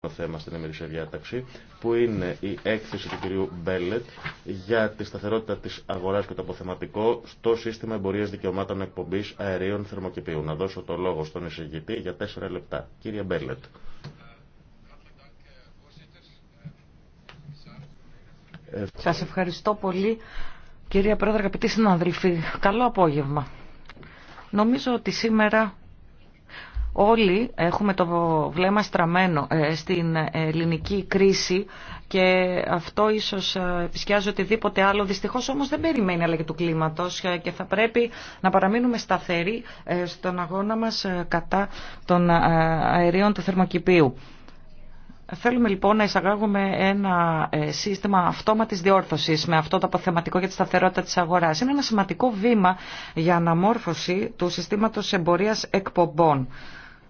Το θέμα στην εμερήσια διάταξη που είναι η έκθεση του κυρίου Μπέλετ για τη σταθερότητα της αγοράς και το αποθεματικό στο σύστημα εμπορίας δικαιωμάτων εκπομπής αερίων θερμοκηπίου. Να δώσω το λόγο στον εισηγητή για τέσσερα λεπτά. Κύριε Μπέλετ. Σας ευχαριστώ πολύ κυρία Πρόεδρε, αγαπητοί συναδελφοί. Καλό απόγευμα. Νομίζω ότι σήμερα Όλοι έχουμε το βλέμμα στραμμένο ε, στην ελληνική κρίση και αυτό ίσως ε, επισκιάζει οτιδήποτε άλλο. Δυστυχώς όμως δεν περιμένει αλλαγή του κλίματος ε, και θα πρέπει να παραμείνουμε σταθεροί στον αγώνα μας κατά των αερίων του θερμοκηπίου. Θέλουμε λοιπόν να εισαγάγουμε ένα ε, σύστημα αυτόματης διόρθωσης με αυτό το αποθεματικό για τη σταθερότητα της αγοράς. Είναι ένα σημαντικό βήμα για αναμόρφωση του συστήματος εμπορίας εκπομπών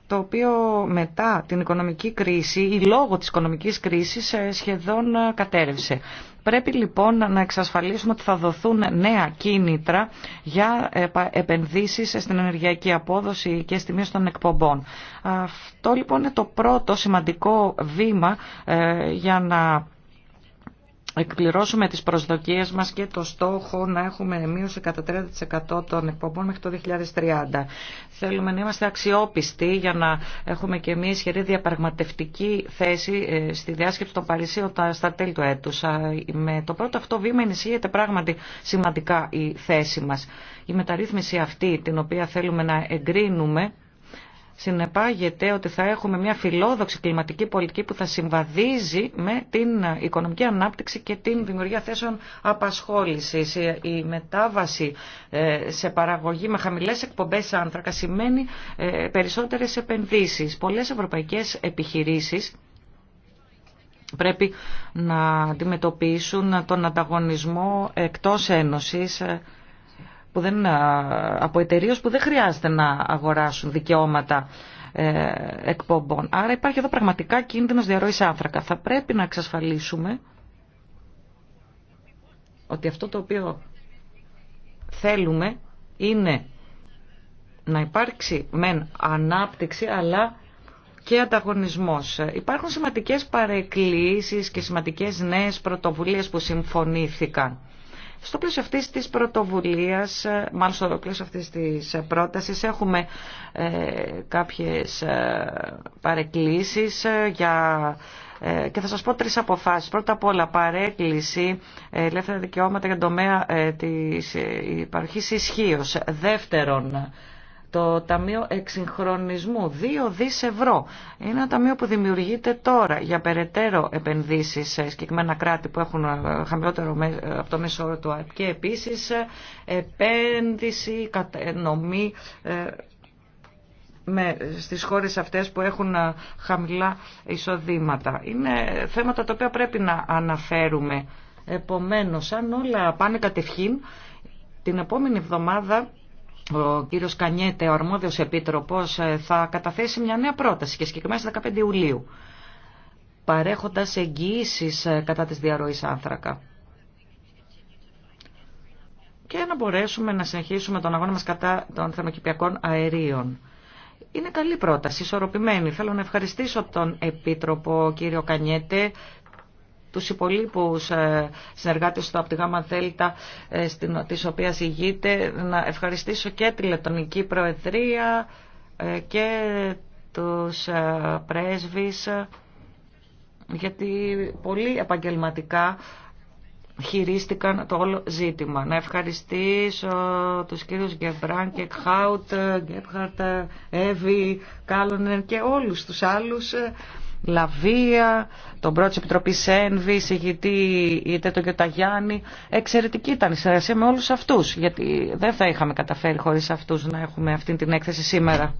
το οποίο μετά την οικονομική κρίση ή λόγω της οικονομικής κρίσης ε, σχεδόν ε, κατέρευσε. Πρέπει λοιπόν να εξασφαλίσουμε ότι θα δοθούν νέα κίνητρα για επενδύσεις στην ενεργειακή απόδοση και στη μείωση των εκπομπών. Αυτό λοιπόν είναι το πρώτο σημαντικό βήμα ε, για να εκπληρώσουμε τις προσδοκίες μας και το στόχο να έχουμε μείωση κατά 30% των εκπομπών μέχρι το 2030. Θέλουμε να είμαστε αξιόπιστοι για να έχουμε και μια ισχυρή διαπραγματευτική θέση ε, στη διάσκεψη των Παρισίων στα τέλη του έτους. Με το πρώτο αυτό βήμα ενισχύεται πράγματι σημαντικά η θέση μας. Η μεταρρύθμιση αυτή την οποία θέλουμε να εγκρίνουμε συνεπάγεται ότι θα έχουμε μια φιλόδοξη κλιματική πολιτική που θα συμβαδίζει με την οικονομική ανάπτυξη και την δημιουργία θέσεων απασχόλησης. Η μετάβαση ε, σε παραγωγή με χαμηλές εκπομπές άνθρακα σημαίνει ε, περισσότερες επενδύσεις. Πολλές ευρωπαϊκές επιχειρήσεις πρέπει να αντιμετωπίσουν τον ανταγωνισμό εκτός ένωσης ε, που δεν, από εταιρείε που δεν χρειάζεται να αγοράσουν δικαιώματα ε, εκπομπών. Άρα υπάρχει εδώ πραγματικά κίνδυνος διαρροής άνθρακα. Θα πρέπει να εξασφαλίσουμε ότι αυτό το οποίο θέλουμε είναι να υπάρξει μεν ανάπτυξη αλλά και ανταγωνισμός. Υπάρχουν σημαντικές παρεκκλήσεις και σημαντικές νέες πρωτοβουλίες που συμφωνήθηκαν. Στο πλαίσιο αυτής της πρωτοβουλίας, ε, μάλλον στο πλαίσιο αυτής της ε, πρότασης, έχουμε ε, κάποιες παρεκκλήσεις για και θα σας πω τρεις αποφάσεις. Πρώτα απ' όλα παρέκκληση ελεύθερα δικαιώματα για τομέα της υπαρχής ισχύω. Δεύτερον, το Ταμείο Εξυγχρονισμού, 2 δις ευρώ. Είναι ένα ταμείο που δημιουργείται τώρα για περαιτέρω επενδύσεις σε συγκεκριμένα κράτη που έχουν ε, χαμηλότερο ε, από το μέσο όρο του ΑΕΠ και επίσης ε, επένδυση, κατανομή με, στις χώρες αυτές που έχουν χαμηλά εισοδήματα. Είναι θέματα τα οποία πρέπει να αναφέρουμε. Επομένως, αν όλα πάνε κατευχήν, την επόμενη εβδομάδα ο κύριος Κανιέτε, ο αρμόδιος επίτροπος, ε, θα καταθέσει μια νέα πρόταση και συγκεκριμένα στις 15 Ιουλίου, παρέχοντας εγγυήσεις ε, κατά της διαρροής άνθρακα. Και να μπορέσουμε να συνεχίσουμε τον αγώνα μας κατά των θερμοκηπιακών αερίων. Είναι καλή πρόταση, ισορροπημένη. Θέλω να ευχαριστήσω τον Επίτροπο κύριο Κανιέτε τους υπολείπους ε, συνεργάτες του από τη ΓΑΜΑ ΔΕΛΤΑ ε, της οποίας ηγείται να ευχαριστήσω και τη Λετωνική Προεδρία ε, και τους πρέσβεις γιατί πολύ επαγγελματικά χειρίστηκαν το όλο ζήτημα. Να ευχαριστήσω τους κύριους Γκεμπράν και Χάουτ, Γκέπχαρτ, Εύη, Κάλλονεν και όλους τους άλλους Λαβία, τον πρώτο τη Επιτροπή Ένβη, συγητή είτε τον Κιωταγιάννη. Εξαιρετική ήταν η συνεργασία με όλου αυτού, γιατί δεν θα είχαμε καταφέρει χωρί αυτού να έχουμε αυτή την έκθεση σήμερα.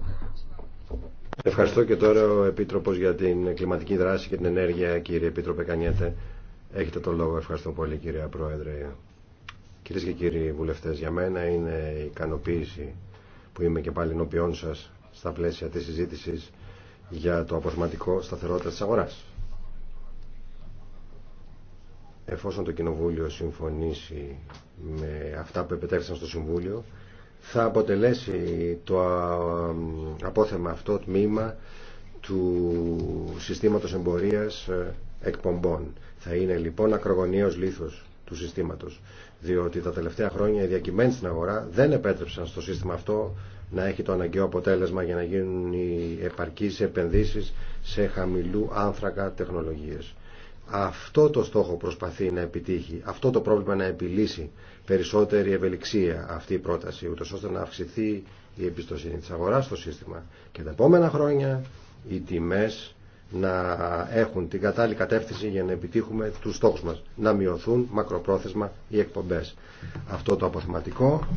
Ευχαριστώ και τώρα ο Επίτροπος για την κλιματική δράση και την ενέργεια, κύριε Επίτροπε Κανιέτε. Έχετε τον λόγο. Ευχαριστώ πολύ, κύριε Πρόεδρε. Κυρίε και κύριοι βουλευτές, για μένα είναι ικανοποίηση που είμαι και πάλι ενώπιόν σας στα πλαίσια τη συζήτηση για το αποθεματικό σταθερότητα της αγοράς. Εφόσον το Κοινοβούλιο συμφωνήσει με αυτά που επιτέχθησαν στο Συμβούλιο, θα αποτελέσει το απόθεμα αυτό τμήμα του συστήματος εμπορίας ε, εκπομπών. Θα είναι λοιπόν ακρογωνίος λίθος του συστήματος, διότι τα τελευταία χρόνια οι διακυμένοι στην αγορά δεν επέτρεψαν στο σύστημα αυτό να έχει το αναγκαίο αποτέλεσμα για να γίνουν οι επαρκείς επενδύσεις σε χαμηλού άνθρακα τεχνολογίες. Αυτό το στόχο προσπαθεί να επιτύχει, αυτό το πρόβλημα να επιλύσει περισσότερη ευελιξία αυτή η πρόταση, ούτως ώστε να αυξηθεί η εμπιστοσύνη της αγοράς στο σύστημα. Και τα επόμενα χρόνια οι τιμές να έχουν την κατάλληλη κατεύθυνση για να επιτύχουμε τους στόχους μας, να μειωθούν μακροπρόθεσμα οι εκπομπές. Αυτό το αποθεματικό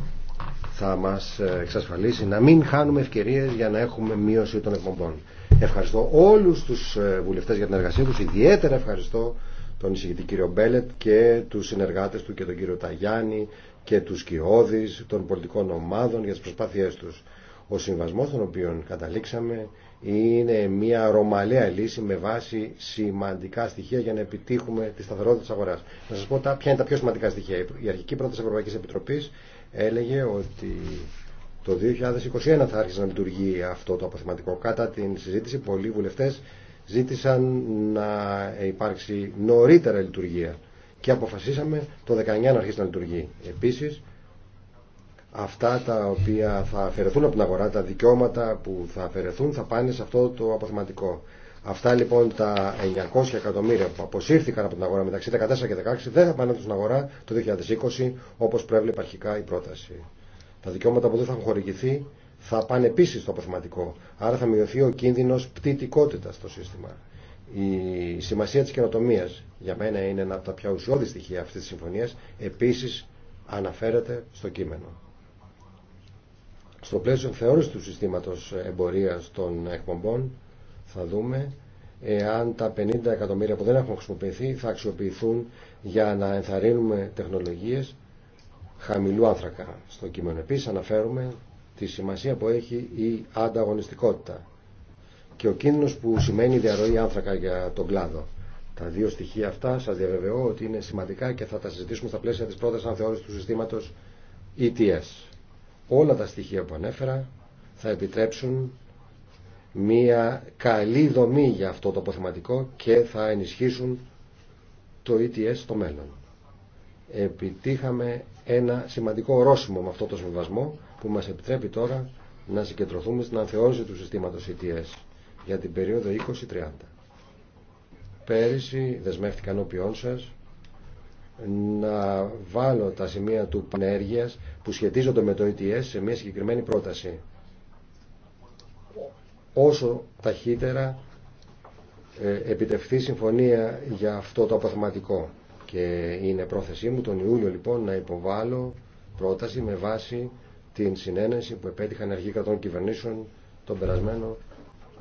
θα μας ε, εξασφαλίσει να μην χάνουμε ευκαιρίες για να έχουμε μείωση των εκπομπών. Ευχαριστώ όλους τους ε, βουλευτές για την εργασία τους, ιδιαίτερα ευχαριστώ τον εισηγητή κύριο Μπέλετ και τους συνεργάτες του και τον κύριο Ταγιάννη και τους κοιόδης των πολιτικών ομάδων για τις προσπάθειές τους. Ο συμβασμός των οποίων καταλήξαμε είναι μια ρωμαλαία λύση με βάση σημαντικά στοιχεία για να επιτύχουμε τη σταθερότητα της αγοράς. Να σας πω ποια είναι τα πιο σημαντικά στοιχεία. Η αρχική πρόταση Ευρωπαϊκής Επιτροπής έλεγε ότι το 2021 θα άρχισε να λειτουργεί αυτό το αποθεματικό. Κατά την συζήτηση πολλοί βουλευτέ ζήτησαν να υπάρξει νωρίτερα λειτουργία και αποφασίσαμε το 19 να αρχίσει να λειτουργεί. Επίσης, αυτά τα οποία θα αφαιρεθούν από την αγορά, τα δικαιώματα που θα αφαιρεθούν θα πάνε σε αυτό το αποθεματικό. Αυτά λοιπόν τα 900 εκατομμύρια που αποσύρθηκαν από την αγορά μεταξύ 14 και 16 δεν θα πάνε στην αγορά το 2020 όπως προέβλεπε αρχικά η πρόταση. Τα δικαιώματα που δεν θα έχουν χορηγηθεί θα πάνε επίση στο αποθηματικό. Άρα θα μειωθεί ο κίνδυνο πτητικότητα στο σύστημα. Η σημασία τη καινοτομία για μένα είναι ένα από τα πιο ουσιώδη στοιχεία αυτή τη συμφωνία. Επίση αναφέρεται στο κείμενο. Στο πλαίσιο θεώρηση του συστήματο εμπορία των εκπομπών θα δούμε εάν τα 50 εκατομμύρια που δεν έχουν χρησιμοποιηθεί θα αξιοποιηθούν για να ενθαρρύνουμε τεχνολογίες χαμηλού άνθρακα. Στο κείμενο επίσης αναφέρουμε τη σημασία που έχει η ανταγωνιστικότητα και ο κίνδυνος που σημαίνει διαρροή άνθρακα για τον κλάδο. Τα δύο στοιχεία αυτά σας διαβεβαιώ ότι είναι σημαντικά και θα τα συζητήσουμε στα πλαίσια της πρώτας ανθεώρησης του συστήματος ETS. Όλα τα στοιχεία που ανέφερα θα επιτρέψουν μια καλή δομή για αυτό το αποθεματικό και θα ενισχύσουν το ETS στο μέλλον. Επιτύχαμε ένα σημαντικό ορόσημο με αυτό το συμβασμό που μας επιτρέπει τώρα να συγκεντρωθούμε στην ανθεώρηση του συστήματος ETS για την περίοδο 2030. Πέρυσι δεσμεύτηκα ενώπιόν σας να βάλω τα σημεία του πανέργειας που σχετίζονται με το ETS σε μια συγκεκριμένη πρόταση όσο ταχύτερα ε, επιτευχθεί συμφωνία για αυτό το αποθεματικό. Και είναι πρόθεσή μου τον Ιούλιο λοιπόν να υποβάλω πρόταση με βάση την συνένεση που επέτυχαν αρχικά των κυβερνήσεων τον περασμένο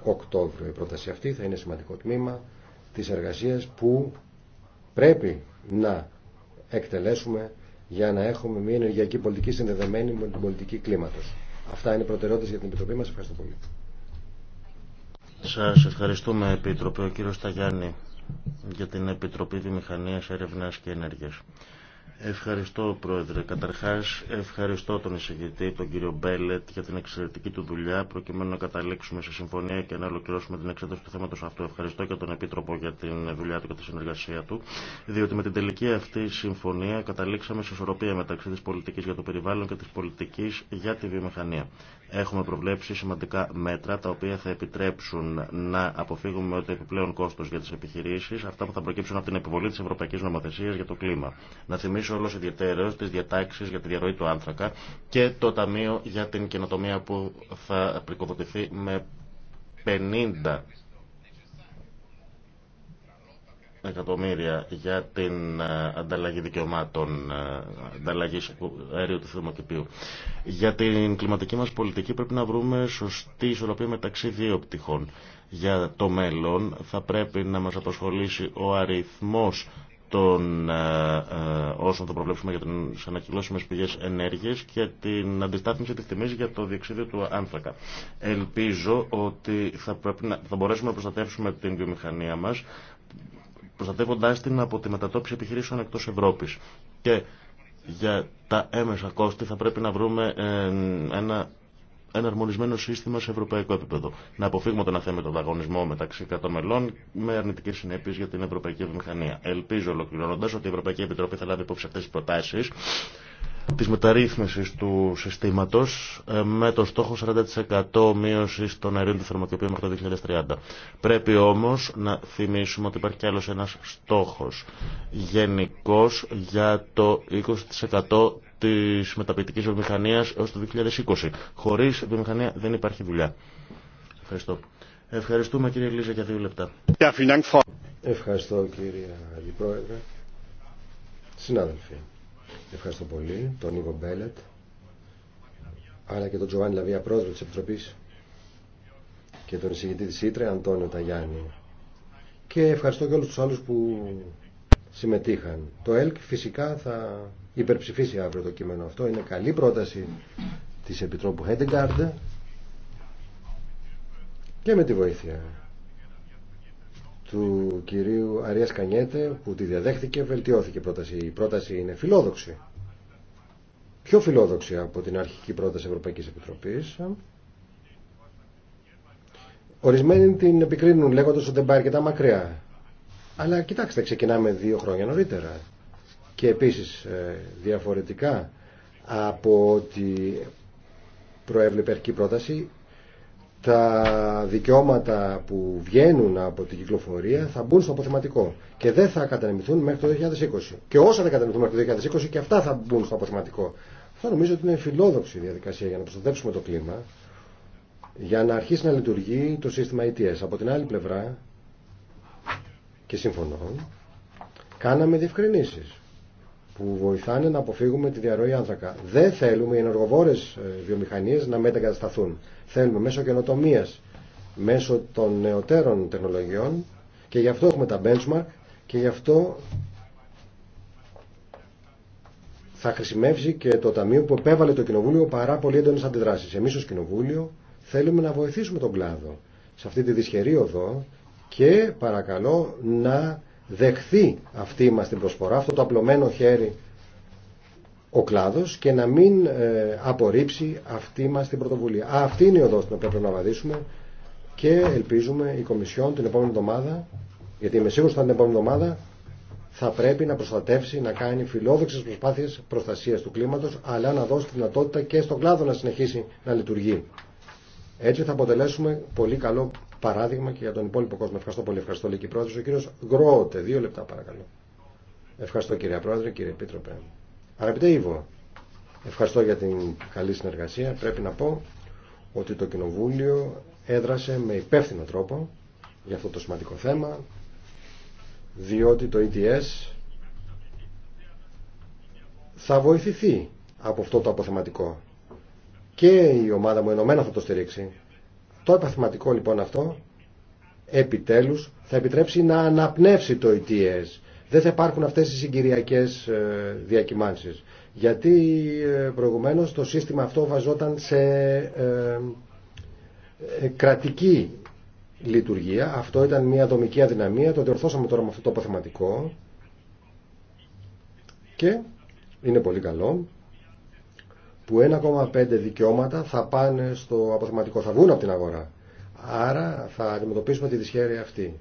Οκτώβριο. Η πρόταση αυτή θα είναι σημαντικό τμήμα της εργασίας που πρέπει να εκτελέσουμε για να έχουμε μια ενεργειακή πολιτική συνδεδεμένη με την πολιτική κλίματος. Αυτά είναι προτεραιότητες για την Επιτροπή μας. Ευχαριστώ πολύ. Σας ευχαριστούμε, Επίτροπε, ο κύριος Σταγιάννη, για την Επιτροπή Βιομηχανίας, Έρευνας και Ενέργειας. Ευχαριστώ, Πρόεδρε. Καταρχάς, ευχαριστώ τον εισηγητή, τον κύριο Μπέλετ, για την εξαιρετική του δουλειά, προκειμένου να καταλήξουμε σε συμφωνία και να ολοκληρώσουμε την εξέταση του θέματος αυτού. Ευχαριστώ και τον Επίτροπο για την δουλειά του και τη συνεργασία του, διότι με την τελική αυτή συμφωνία καταλήξαμε σε ισορροπία μεταξύ της πολιτικής για το περιβάλλον και της πολιτικής για τη βιομηχανία. Έχουμε προβλέψει σημαντικά μέτρα τα οποία θα επιτρέψουν να αποφύγουμε το επιπλέον κόστο για τι επιχειρήσει, αυτά που θα προκύψουν από την επιβολή τη Ευρωπαϊκή Νομοθεσία για το κλίμα. Να θυμίσω όλο ιδιαίτερω τι διατάξει για τη διαρροή του άνθρακα και το Ταμείο για την Καινοτομία που θα πρικοδοτηθεί με 50 εκατομμύρια για την ε, ανταλλαγή δικαιωμάτων, ε, ανταλλαγή αερίου του θερμοκηπίου. Για την κλιματική μας πολιτική πρέπει να βρούμε σωστή ισορροπία μεταξύ δύο πτυχών. Για το μέλλον θα πρέπει να μας απασχολήσει ο αριθμός των ε, όσων θα προβλέψουμε για τι ανακυκλώσιμες πηγές ενέργεια και την αντιστάθμιση τη τιμή για το διεξίδιο του άνθρακα. Ελπίζω ότι θα, πρέπει να, θα μπορέσουμε να προστατεύσουμε την βιομηχανία μα προστατεύοντά την από τη μετατόπιση επιχειρήσεων εκτός Ευρώπης. Και για τα έμεσα κόστη θα πρέπει να βρούμε ε, ένα εναρμονισμένο σύστημα σε ευρωπαϊκό επίπεδο. Να αποφύγουμε τον αθέμητο ανταγωνισμό μεταξύ κρατών με αρνητικέ συνέπειε για την ευρωπαϊκή βιομηχανία. Ελπίζω, ολοκληρώνοντα, ότι η Ευρωπαϊκή Επιτροπή θα λάβει υπόψη αυτέ τι προτάσει της μεταρρύθμισης του συστήματος ε, με το στόχο 40% μείωση των αερίων του θερμοκοπίου μέχρι το 2030. Πρέπει όμως να θυμίσουμε ότι υπάρχει κι άλλος ένας στόχος γενικός για το 20% της μεταποιητικής βιομηχανίας έως το 2020. Χωρίς βιομηχανία δεν υπάρχει δουλειά. Ευχαριστώ. Ευχαριστούμε κύριε Λίζα για δύο λεπτά. Ευχαριστώ κύριε Αντιπρόεδρε. Συνάδελφοι. Ευχαριστώ πολύ τον Νίκο Μπέλετ αλλά και τον Τζοβάνι Λαβία πρόεδρο της Επιτροπής και τον εισηγητή της Ήτρε Αντώνιο Ταγιάννη και ευχαριστώ και όλους τους άλλους που συμμετείχαν. Το ΕΛΚ φυσικά θα υπερψηφίσει αύριο το κείμενο αυτό. Είναι καλή πρόταση της Επιτρόπου Χέντεγκάρντ και με τη βοήθεια του κυρίου Αρία Κανιέτε που τη διαδέχθηκε βελτιώθηκε η πρόταση. Η πρόταση είναι φιλόδοξη. Πιο φιλόδοξη από την αρχική πρόταση Ευρωπαϊκής Επιτροπής. Ορισμένοι την επικρίνουν λέγοντας ότι δεν πάει αρκετά μακριά. Αλλά κοιτάξτε, ξεκινάμε δύο χρόνια νωρίτερα. Και επίσης ε, διαφορετικά από ότι προέβλεπε αρχική πρόταση τα δικαιώματα που βγαίνουν από την κυκλοφορία θα μπουν στο αποθεματικό και δεν θα κατανεμηθούν μέχρι το 2020. Και όσα δεν κατανεμηθούν μέχρι το 2020 και αυτά θα μπουν στο αποθεματικό. Αυτό νομίζω ότι είναι φιλόδοξη διαδικασία για να προστατεύσουμε το κλίμα, για να αρχίσει να λειτουργεί το σύστημα ETS. Ε από την άλλη πλευρά, και συμφωνώ, κάναμε διευκρινήσεις που βοηθάνε να αποφύγουμε τη διαρροή άνθρακα. Δεν θέλουμε οι ενεργοβόρες ε, βιομηχανίε να μετακατασταθούν. Θέλουμε μέσω καινοτομία, μέσω των νεωτέρων τεχνολογιών και γι' αυτό έχουμε τα benchmark και γι' αυτό θα χρησιμεύσει και το ταμείο που επέβαλε το Κοινοβούλιο παρά πολύ έντονε αντιδράσει. Εμεί ω Κοινοβούλιο θέλουμε να βοηθήσουμε τον κλάδο σε αυτή τη δυσχερή οδό και παρακαλώ να δεχθεί αυτή μας την προσφορά, αυτό το απλωμένο χέρι ο κλάδος και να μην ε, απορρίψει αυτή μας την πρωτοβουλία. Α, αυτή είναι η οδός που οποία πρέπει να βαδίσουμε και ελπίζουμε η Κομισιόν την επόμενη εβδομάδα, γιατί είμαι σίγουρος ότι την επόμενη εβδομάδα θα πρέπει να προστατεύσει, να κάνει φιλόδοξε προσπάθειε προστασία του κλίματο, αλλά να δώσει τη δυνατότητα και στον κλάδο να συνεχίσει να λειτουργεί. Έτσι θα αποτελέσουμε πολύ καλό παράδειγμα και για τον υπόλοιπο κόσμο. Ευχαριστώ πολύ. Ευχαριστώ, Λίκη Πρόεδρε. Ο κύριο Γκρότε, δύο λεπτά παρακαλώ. Ευχαριστώ, κύριε Πρόεδρε, κύριε Επίτροπε. Αγαπητέ Ήβο, ευχαριστώ για την καλή συνεργασία. Πρέπει να πω ότι το Κοινοβούλιο έδρασε με υπεύθυνο τρόπο για αυτό το σημαντικό θέμα, διότι το ETS θα βοηθηθεί από αυτό το αποθεματικό. Και η ομάδα μου ενωμένα θα το στηρίξει το επαθηματικό λοιπόν αυτό επιτέλους θα επιτρέψει να αναπνεύσει το ETS. Δεν θα υπάρχουν αυτές οι συγκυριακές ε, διακυμάνσεις. Γιατί ε, προηγουμένως το σύστημα αυτό βαζόταν σε ε, κρατική λειτουργία. Αυτό ήταν μια δομική αδυναμία. Το διορθώσαμε τώρα με αυτό το επαθηματικό και είναι πολύ καλό που 1,5 δικαιώματα θα πάνε στο αποθεματικό, θα βγουν από την αγορά. Άρα θα αντιμετωπίσουμε τη δυσχέρεια αυτή.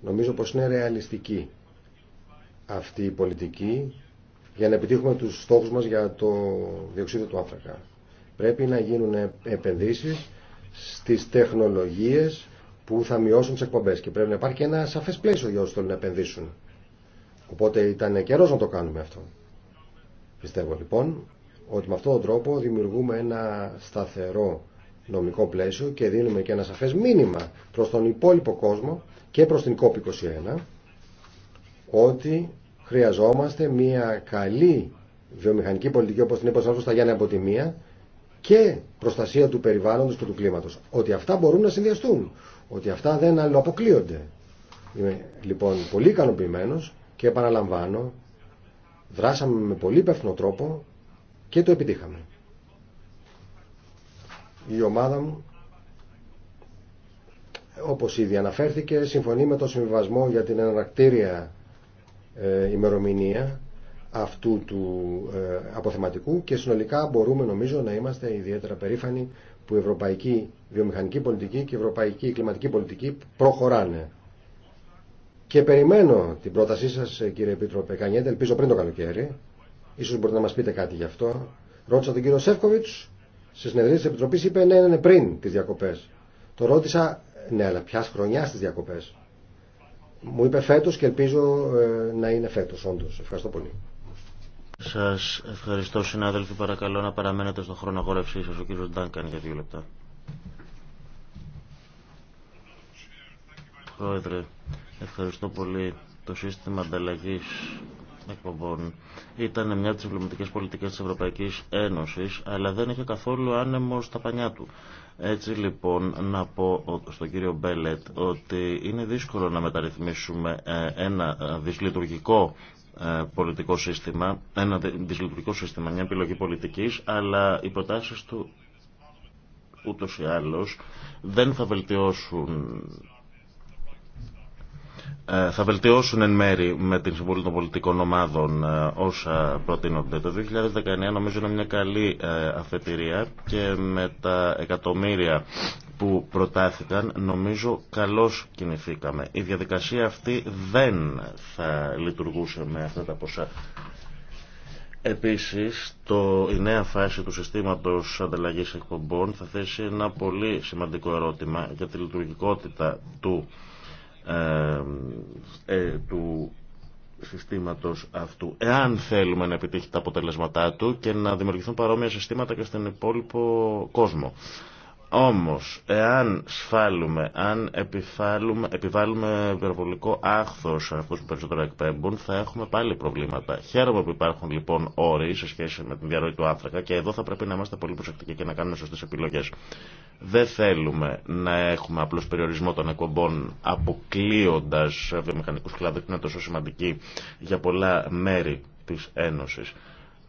Νομίζω πως είναι ρεαλιστική αυτή η πολιτική για να επιτύχουμε τους στόχους μας για το διοξείδιο του άνθρακα. Πρέπει να γίνουν επενδύσεις στις τεχνολογίες που θα μειώσουν τις εκπομπές και πρέπει να υπάρχει και ένα σαφές πλαίσιο για όσους θέλουν να επενδύσουν. Οπότε ήταν καιρός να το κάνουμε αυτό. Πιστεύω λοιπόν ότι με αυτόν τον τρόπο δημιουργούμε ένα σταθερό νομικό πλαίσιο και δίνουμε και ένα σαφές μήνυμα προς τον υπόλοιπο κόσμο και προς την COP21 ότι χρειαζόμαστε μια καλή βιομηχανική πολιτική όπως την είπα στα Γιάννη Αποτιμία και προστασία του περιβάλλοντος και του κλίματος. Ότι αυτά μπορούν να συνδυαστούν. Ότι αυτά δεν αλληλοαποκλείονται. Είμαι λοιπόν πολύ ικανοποιημένο και επαναλαμβάνω δράσαμε με πολύ υπεύθυνο τρόπο και το επιτύχαμε. Η ομάδα μου, όπως ήδη αναφέρθηκε, συμφωνεί με το συμβιβασμό για την ανακτήρια ε, ημερομηνία αυτού του ε, αποθεματικού και συνολικά μπορούμε νομίζω να είμαστε ιδιαίτερα περήφανοι που η ευρωπαϊκή βιομηχανική πολιτική και η ευρωπαϊκή κλιματική πολιτική προχωράνε. Και περιμένω την πρότασή σας ε, κύριε Επίτροπε Κανιέντε, ελπίζω πριν το καλοκαίρι, Ίσως μπορείτε να μας πείτε κάτι γι' αυτό. Ρώτησα τον κύριο Σεύκοβιτ, Σε συνεδρία της Επιτροπής είπε ναι, ναι, ναι, πριν τις διακοπές. Το ρώτησα, ναι, αλλά ποιας χρονιά στις διακοπές. Μου είπε φέτος και ελπίζω ε, να είναι φέτος, όντως. Ευχαριστώ πολύ. Σας ευχαριστώ συνάδελφοι. Παρακαλώ να παραμένετε στον χρόνο αγόρευσή σας. Ο κύριος Ντάνκαν για δύο λεπτά. Πρόεδρε, ευχαριστώ πολύ. Το σύστημα ανταλλαγή ήταν μια από τι εμβληματικέ πολιτικέ τη Ευρωπαϊκή Ένωση, αλλά δεν είχε καθόλου άνεμο στα πανιά του. Έτσι λοιπόν να πω στον κύριο Μπέλετ ότι είναι δύσκολο να μεταρρυθμίσουμε ε, ένα ε, δυσλειτουργικό ε, πολιτικό σύστημα, ένα δυσλειτουργικό σύστημα, μια επιλογή πολιτικής, αλλά οι προτάσεις του ούτως ή άλλως δεν θα βελτιώσουν ε, θα βελτιώσουν εν μέρη με την συμβολή των πολιτικών ομάδων ε, όσα προτείνονται. Το 2019 νομίζω είναι μια καλή ε, αφετηρία και με τα εκατομμύρια που προτάθηκαν νομίζω καλώς κινηθήκαμε. Η διαδικασία αυτή δεν θα λειτουργούσε με αυτά τα ποσά. Επίσης, το, η νέα φάση του συστήματος ανταλλαγής εκπομπών θα θέσει ένα πολύ σημαντικό ερώτημα για τη λειτουργικότητα του ε, ε, του συστήματος αυτού. Εάν θέλουμε να επιτύχει τα αποτελέσματά του και να δημιουργηθούν παρόμοια συστήματα και στον υπόλοιπο κόσμο. Όμως, εάν σφάλουμε, αν επιβάλλουμε, επιβάλλουμε υπερβολικό άχθος σε αυτούς που περισσότερο εκπέμπουν, θα έχουμε πάλι προβλήματα. Χαίρομαι που υπάρχουν λοιπόν όροι σε σχέση με την διαρροή του άνθρακα και εδώ θα πρέπει να είμαστε πολύ προσεκτικοί και να κάνουμε σωστές επιλογές. Δεν θέλουμε να έχουμε απλώς περιορισμό των εκπομπών αποκλείοντας βιομηχανικούς κλάδους που είναι τόσο σημαντικοί για πολλά μέρη της Ένωσης.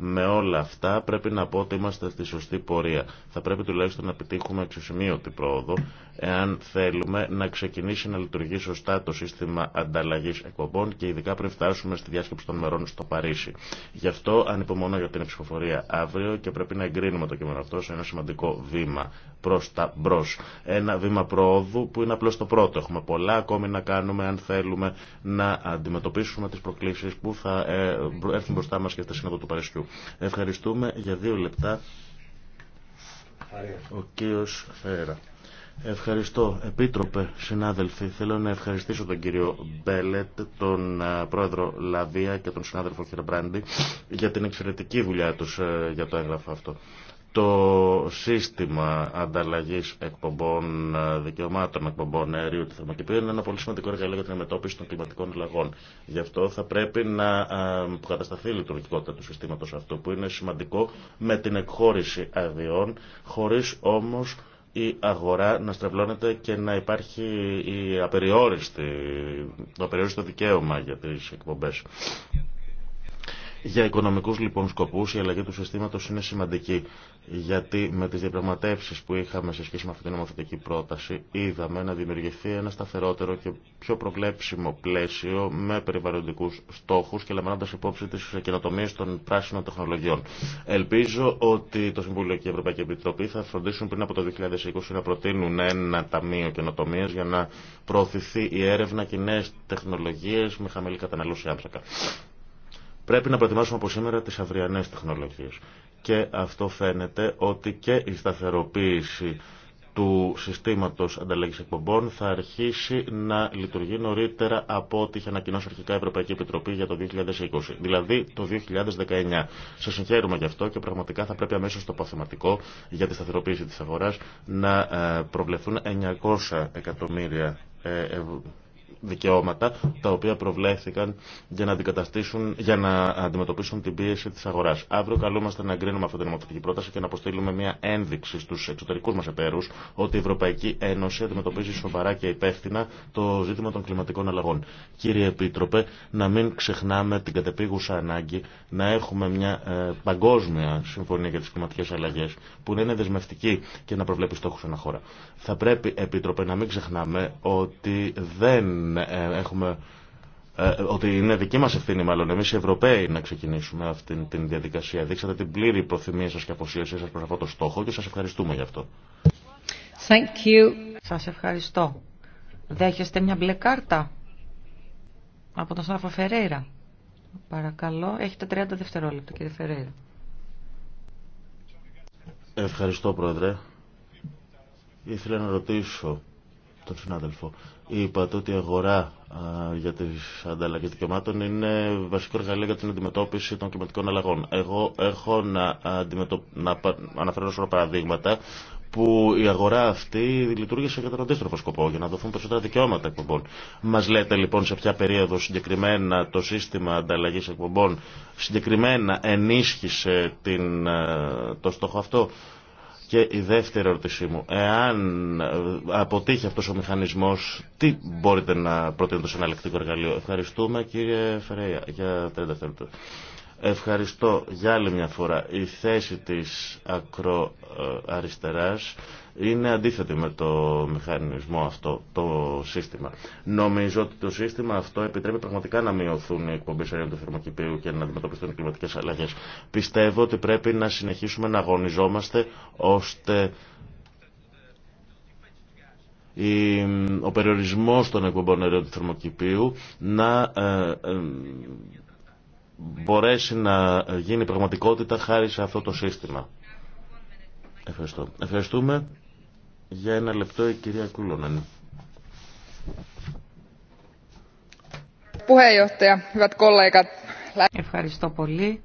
Με όλα αυτά πρέπει να πω ότι είμαστε στη σωστή πορεία. Θα πρέπει τουλάχιστον να επιτύχουμε εξωσημείωτη πρόοδο, εάν θέλουμε να ξεκινήσει να λειτουργεί σωστά το σύστημα ανταλλαγή εκπομπών και ειδικά πριν φτάσουμε στη διάσκεψη των μερών στο Παρίσι. Γι' αυτό ανυπομονώ για την ψηφοφορία αύριο και πρέπει να εγκρίνουμε το κείμενο αυτό σε ένα σημαντικό βήμα προς τα μπρος. Ένα βήμα προόδου που είναι απλώς το πρώτο. Έχουμε πολλά ακόμη να κάνουμε αν θέλουμε να αντιμετωπίσουμε τις προκλήσεις που θα ε, έρθουν μπροστά μας και στα Σύνοδο του Παρισιού. Ευχαριστούμε για δύο λεπτά ο κύριο Φέρα. Ευχαριστώ. Επίτροπε, συνάδελφοι, θέλω να ευχαριστήσω τον κύριο Μπέλετ, τον ε, πρόεδρο Λαβία και τον συνάδελφο κύριο Μπράντι για την εξαιρετική δουλειά τους ε, για το έγγραφο αυτό το σύστημα ανταλλαγή εκπομπών, ε, δικαιωμάτων εκπομπών αερίου του θερμοκηπίου είναι ένα πολύ σημαντικό εργαλείο για την αντιμετώπιση των κλιματικών αλλαγών. Γι' αυτό θα πρέπει να ε, αποκατασταθεί η λειτουργικότητα του συστήματο αυτό που είναι σημαντικό με την εκχώρηση αδειών, χωρί όμω η αγορά να στρεβλώνεται και να υπάρχει η απεριόριστη, το απεριόριστο δικαίωμα για τις εκπομπές. Για οικονομικούς λοιπόν σκοπούς η αλλαγή του συστήματος είναι σημαντική γιατί με τις διαπραγματεύσεις που είχαμε σε σχέση με αυτή την νομοθετική πρόταση είδαμε να δημιουργηθεί ένα σταθερότερο και πιο προβλέψιμο πλαίσιο με περιβαλλοντικούς στόχους και λαμβάνοντας υπόψη τις καινοτομίες των πράσινων τεχνολογιών. Ελπίζω ότι το Συμβούλιο και η Ευρωπαϊκή Επιτροπή θα φροντίσουν πριν από το 2020 να προτείνουν ένα ταμείο καινοτομία για να προωθηθεί η έρευνα και νέε τεχνολογίες με χαμηλή καταναλώση άνθρακα. Πρέπει να προετοιμάσουμε από σήμερα τις αυριανέ τεχνολογίες. Και αυτό φαίνεται ότι και η σταθεροποίηση του συστήματος ανταλλαγής εκπομπών θα αρχίσει να λειτουργεί νωρίτερα από ό,τι είχε ανακοινώσει αρχικά η Ευρωπαϊκή Επιτροπή για το 2020, δηλαδή το 2019. Σας συγχαίρουμε γι' αυτό και πραγματικά θα πρέπει αμέσως στο παθηματικό για τη σταθεροποίηση της αγοράς να ε, προβλεφθούν 900 εκατομμύρια ε, δικαιώματα τα οποία προβλέφθηκαν για να, για να αντιμετωπίσουν την πίεση της αγοράς. Αύριο καλούμαστε να εγκρίνουμε αυτή την νομοθετική πρόταση και να αποστείλουμε μια ένδειξη στους εξωτερικούς μας εταίρους ότι η Ευρωπαϊκή Ένωση αντιμετωπίζει σοβαρά και υπεύθυνα το ζήτημα των κλιματικών αλλαγών. Κύριε Επίτροπε, να μην ξεχνάμε την κατεπίγουσα ανάγκη να έχουμε μια ε, παγκόσμια συμφωνία για τις κλιματικές αλλαγές που να είναι δεσμευτική και να προβλέπει στόχους χώρα. Θα πρέπει, Επίτροπε, να μην ξεχνάμε ότι δεν ε, έχουμε ε, ότι είναι δική μας ευθύνη μάλλον εμείς οι Ευρωπαίοι να ξεκινήσουμε αυτή την διαδικασία. Δείξατε την πλήρη προθυμία σας και αφοσίωσή σας προς αυτό το στόχο και σας ευχαριστούμε γι' αυτό. Thank you. Σας ευχαριστώ. Δέχεστε μια μπλε κάρτα από τον Σάφα Φερέιρα. Παρακαλώ, έχετε 30 δευτερόλεπτα κύριε Φερέιρα. Ευχαριστώ Πρόεδρε. Ήθελα να ρωτήσω τον συνάδελφο. Είπατε ότι η αγορά για τι ανταλλαγέ δικαιωμάτων είναι βασικό εργαλείο για την αντιμετώπιση των κλιματικών αλλαγών. Εγώ έχω να, αντιμετω... να αναφέρω σωρό παραδείγματα που η αγορά αυτή λειτουργήσε για τον αντίστροφο σκοπό, για να δοθούν περισσότερα δικαιώματα εκπομπών. Μα λέτε λοιπόν σε ποια περίοδο συγκεκριμένα το σύστημα ανταλλαγή εκπομπών συγκεκριμένα ενίσχυσε την, ε, το στόχο αυτό. Και η δεύτερη ερώτησή μου, εάν αποτύχει αυτός ο μηχανισμός, τι μπορείτε να προτείνετε ως λεκτικό εργαλείο. Ευχαριστούμε κύριε φρέια για 30 λεπτά. Ευχαριστώ για άλλη μια φορά. Η θέση της ακροαριστεράς είναι αντίθετη με το μηχανισμό αυτό, το σύστημα. Νομίζω ότι το σύστημα αυτό επιτρέπει πραγματικά να μειωθούν οι εκπομπέ αερίων του θερμοκηπίου και να αντιμετωπιστούν οι κλιματικέ αλλαγέ. Πιστεύω ότι πρέπει να συνεχίσουμε να αγωνιζόμαστε ώστε ο περιορισμός των εκπομπών αερίων του θερμοκηπίου να ε, ε, μπορέσει να γίνει πραγματικότητα χάρη σε αυτό το σύστημα. Ευχαριστώ. Ευχαριστούμε. Για ένα λεπτό η κυρία Κούλωναν. Ευχαριστώ πολύ.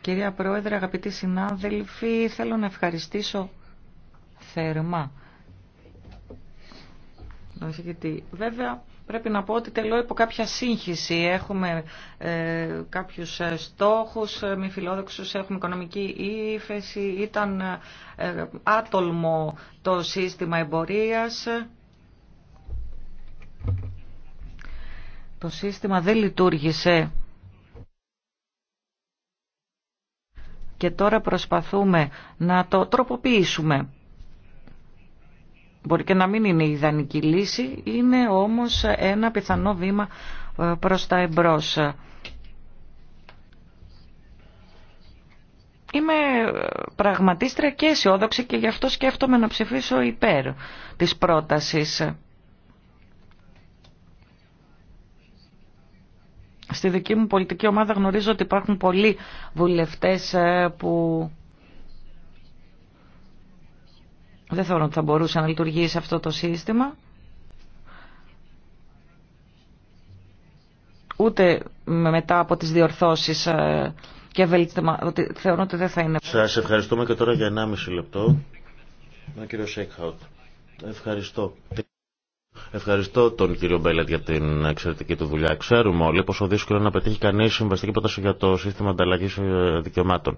Κυρία Πρόεδρε, αγαπητοί συνάδελφοι, θέλω να ευχαριστήσω θερμά. Βέβαια, Πρέπει να πω ότι τελώ υπό κάποια σύγχυση. Έχουμε ε, κάποιους ε, στόχους ε, μη φιλόδοξους, έχουμε οικονομική ύφεση, ήταν ε, άτολμο το σύστημα εμπορίας. Το σύστημα δεν λειτουργήσε και τώρα προσπαθούμε να το τροποποιήσουμε μπορεί και να μην είναι η ιδανική λύση, είναι όμως ένα πιθανό βήμα ε, προς τα εμπρός. Είμαι ε, πραγματίστρια και αισιόδοξη και γι' αυτό σκέφτομαι να ψηφίσω υπέρ της πρότασης. Στη δική μου πολιτική ομάδα γνωρίζω ότι υπάρχουν πολλοί βουλευτές ε, που δεν θεωρώ ότι θα μπορούσε να λειτουργήσει αυτό το σύστημα. Ούτε μετά από τις διορθώσεις ε, και ευελίξτεμα, ότι θεωρώ ότι δεν θα είναι. Σας ευχαριστούμε και τώρα για 1,5 λεπτό. με κύριο Σέικχαουτ. Ευχαριστώ. Ευχαριστώ τον κύριο Μπέλετ για την εξαιρετική του δουλειά. Ξέρουμε όλοι πόσο δύσκολο είναι να πετύχει κανεί συμβαστική πρόταση για το σύστημα ανταλλαγή ε, δικαιωμάτων.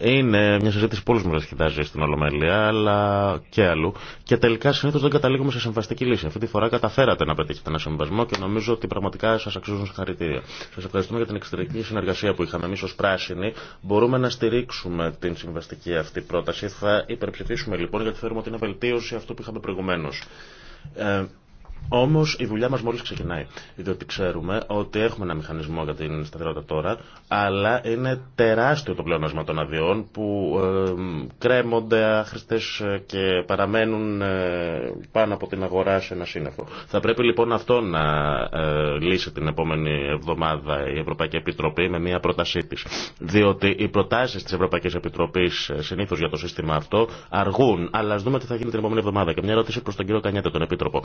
Είναι μια συζήτηση που όλου μα κοιτάζει στην Ολομέλεια, αλλά και αλλού. Και τελικά συνήθω δεν καταλήγουμε σε συμβαστική λύση. Αυτή τη φορά καταφέρατε να πετύχετε ένα συμβασμό και νομίζω ότι πραγματικά σα αξίζουν συγχαρητήρια. Σα ευχαριστούμε για την εξαιρετική συνεργασία που είχαμε εμεί ω πράσινοι. Μπορούμε να στηρίξουμε την συμβαστική αυτή πρόταση. Θα υπερψηφίσουμε λοιπόν γιατί θεωρούμε ότι είναι βελτίωση αυτό που είχαμε προηγουμένω. Ε, Όμω η δουλειά μα μόλι ξεκινάει. Διότι ξέρουμε ότι έχουμε ένα μηχανισμό για την σταθερότητα τώρα, αλλά είναι τεράστιο το πλεόνασμα των αδειών που ε, κρέμονται άχρηστε ε, και παραμένουν ε, πάνω από την αγορά σε ένα σύννεφο. Θα πρέπει λοιπόν αυτό να ε, λύσει την επόμενη εβδομάδα η Ευρωπαϊκή Επιτροπή με μια πρότασή τη. Διότι οι προτάσει τη Ευρωπαϊκή Επιτροπή ε, συνήθω για το σύστημα αυτό αργούν, αλλά α δούμε τι θα γίνει την επόμενη εβδομάδα. Και μια ερώτηση προ τον κύριο Κανιέτα, τον Επίτροπο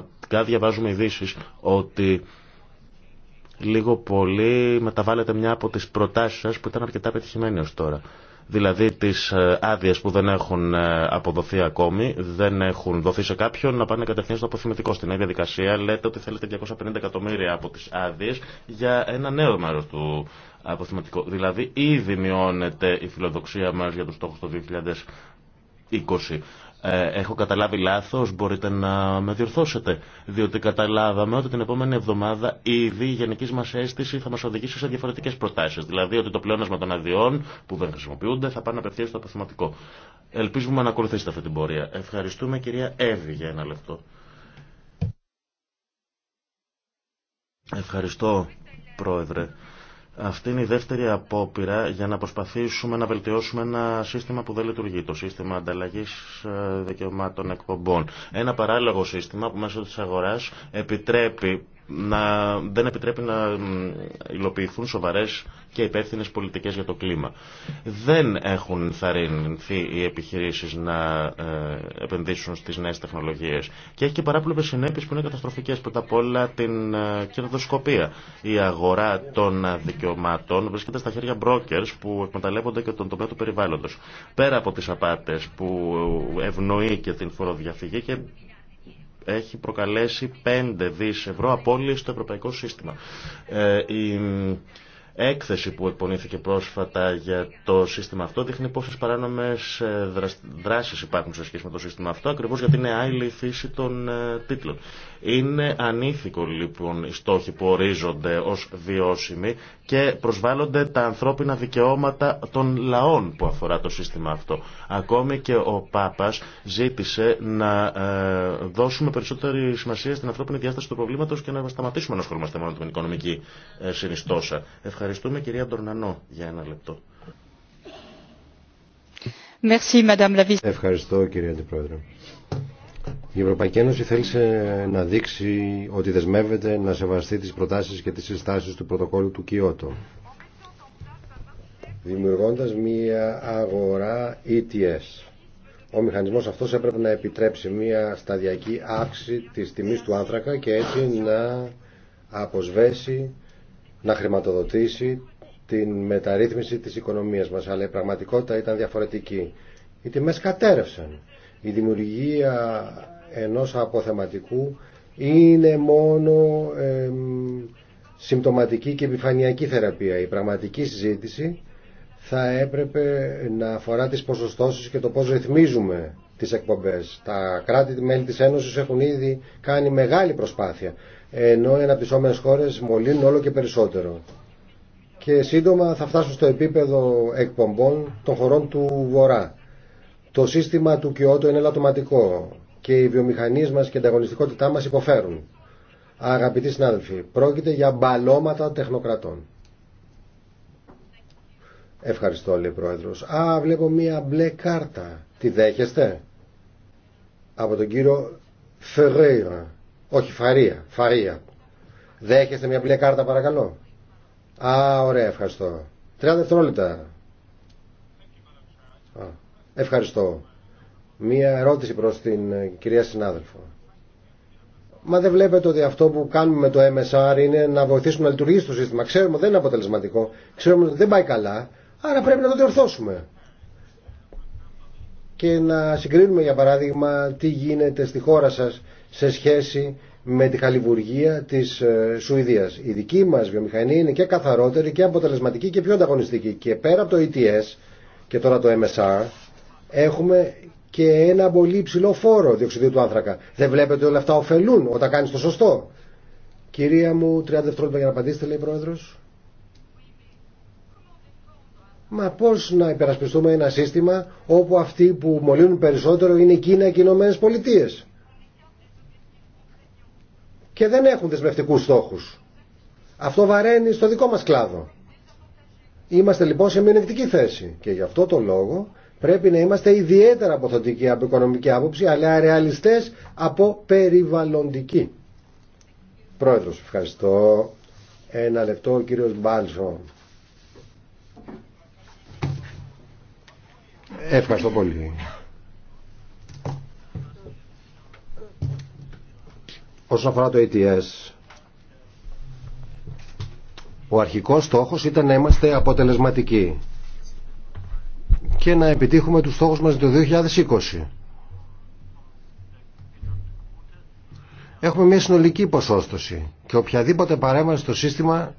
πραγματικά διαβάζουμε ειδήσει ότι λίγο πολύ μεταβάλλεται μια από τις προτάσεις σας που ήταν αρκετά πετυχημένη ως τώρα. Δηλαδή τις ε, άδειε που δεν έχουν ε, αποδοθεί ακόμη, δεν έχουν δοθεί σε κάποιον να πάνε κατευθείαν στο αποθυμητικό. Στην ίδια διαδικασία λέτε ότι θέλετε 250 εκατομμύρια από τις άδειε για ένα νέο μέρο του αποθυματικού. Δηλαδή ήδη μειώνεται η φιλοδοξία μας για τους στόχους το 2020. Ε, έχω καταλάβει λάθος, μπορείτε να με διορθώσετε. Διότι καταλάβαμε ότι την επόμενη εβδομάδα ήδη η γενική μας αίσθηση θα μας οδηγήσει σε διαφορετικές προτάσεις. Δηλαδή ότι το πλεόνασμα των αδειών που δεν χρησιμοποιούνται θα πάνε απευθείας στο αποθυματικό. Ελπίζουμε να ακολουθήσετε αυτή την πορεία. Ευχαριστούμε κυρία Εύη για ένα λεπτό. Ευχαριστώ πρόεδρε. Αυτή είναι η δεύτερη απόπειρα για να προσπαθήσουμε να βελτιώσουμε ένα σύστημα που δεν λειτουργεί, το σύστημα ανταλλαγή ε, δικαιωμάτων εκπομπών. Ένα παράλογο σύστημα που μέσω τη αγορά επιτρέπει να, δεν επιτρέπει να υλοποιηθούν σοβαρές και υπεύθυνε πολιτικές για το κλίμα. Δεν έχουν θαρρυνθεί οι επιχειρήσεις να ε, επενδύσουν στις νέες τεχνολογίες και έχει και παράπλευρες συνέπειες που είναι καταστροφικές πρώτα απ' όλα την ε, κερδοσκοπία. Η αγορά των δικαιωμάτων βρίσκεται στα χέρια brokers που εκμεταλλεύονται και τον τομέα του περιβάλλοντος. Πέρα από τις απάτες που ευνοεί και την φοροδιαφυγή και έχει προκαλέσει 5 δις ευρώ απόλυση στο ευρωπαϊκό σύστημα. Ε, η έκθεση που εκπονήθηκε πρόσφατα για το σύστημα αυτό δείχνει πόσε παράνομε ε, δράσει υπάρχουν σε σχέση με το σύστημα αυτό, ακριβώ γιατί είναι άλλη η φύση των ε, τίτλων. Είναι ανήθικο λοιπόν οι στόχοι που ορίζονται ω βιώσιμοι και προσβάλλονται τα ανθρώπινα δικαιώματα των λαών που αφορά το σύστημα αυτό. Ακόμη και ο Πάπα ζήτησε να ε, δώσουμε περισσότερη σημασία στην ανθρώπινη διάσταση του προβλήματο και να σταματήσουμε να ασχολούμαστε μόνο με την οικονομική συνιστόσα. Ευχαριστούμε κυρία Ντορνανό για ένα λεπτό. Ευχαριστώ κύριε Αντιπρόεδρε. Η Ευρωπαϊκή Ένωση θέλησε να δείξει ότι δεσμεύεται να σεβαστεί τις προτάσεις και τις συστάσεις του πρωτοκόλλου του Κιώτο. Δημιουργώντας μία αγορά ETS. Ο μηχανισμός αυτός έπρεπε να επιτρέψει μία σταδιακή αύξηση της τιμής του άνθρακα και έτσι να αποσβέσει να χρηματοδοτήσει την μεταρρύθμιση της οικονομίας μας, αλλά η πραγματικότητα ήταν διαφορετική. Οι τιμές κατέρευσαν. Η δημιουργία ενός αποθεματικού είναι μόνο ε, συμπτωματική και επιφανειακή θεραπεία. Η πραγματική συζήτηση θα έπρεπε να αφορά τις ποσοστώσεις και το πώς ρυθμίζουμε τις εκπομπές. Τα κράτη-μέλη της Ένωσης έχουν ήδη κάνει μεγάλη προσπάθεια ενώ οι αναπτυσσόμενε χώρε μολύνουν όλο και περισσότερο. Και σύντομα θα φτάσουν στο επίπεδο εκπομπών των χωρών του Βορρά. Το σύστημα του κιότο είναι λατωματικό και οι βιομηχανίε μα και η ανταγωνιστικότητά μας υποφέρουν. Αγαπητοί συνάδελφοι, πρόκειται για μπαλώματα τεχνοκρατών. Ευχαριστώ, λέει ο Α, βλέπω μία μπλε κάρτα. Τη δέχεστε? Από τον κύριο Φερέιρα. Όχι, Φαρία. Φαρία. Δέχεστε μια μπλε κάρτα παρακαλώ. Α, ωραία, ευχαριστώ. Τρία δευτερόλεπτα. Ευχαριστώ. Μία ερώτηση προς την ε, κυρία συνάδελφο. Μα δεν βλέπετε ότι αυτό που κάνουμε με το MSR είναι να βοηθήσουμε να λειτουργήσει το σύστημα. Ξέρουμε ότι δεν είναι αποτελεσματικό. Ξέρουμε ότι δεν πάει καλά. Άρα πρέπει να το διορθώσουμε και να συγκρίνουμε για παράδειγμα τι γίνεται στη χώρα σας σε σχέση με τη χαλιβουργία της ε, Σουηδίας. Η δική μας βιομηχανία είναι και καθαρότερη και αποτελεσματική και πιο ανταγωνιστική. Και πέρα από το ETS και τώρα το MSR έχουμε και ένα πολύ υψηλό φόρο διοξιδίου του άνθρακα. Δεν βλέπετε όλα αυτά ωφελούν όταν κάνεις το σωστό. Κυρία μου, 30 δευτερόλεπτα για να απαντήσετε, λέει η Πρόεδρος. Μα πώς να υπερασπιστούμε ένα σύστημα όπου αυτοί που μολύνουν περισσότερο είναι η Κίνα και οι Ηνωμένε Πολιτείε. Και δεν έχουν δεσμευτικού στόχους. Αυτό βαραίνει στο δικό μας κλάδο. Είμαστε λοιπόν σε μειονεκτική θέση και γι' αυτό το λόγο πρέπει να είμαστε ιδιαίτερα αποθωτικοί από οικονομική άποψη αλλά ρεαλιστέ από περιβαλλοντική. Πρόεδρος, ευχαριστώ. Ένα λεπτό ο κύριος Μπάλσο. Ευχαριστώ πολύ. Όσον αφορά το ETS, ε ο αρχικός στόχος ήταν να είμαστε αποτελεσματικοί και να επιτύχουμε τους στόχους μας το 2020. Έχουμε μια συνολική ποσόστοση και οποιαδήποτε παρέμβαση στο σύστημα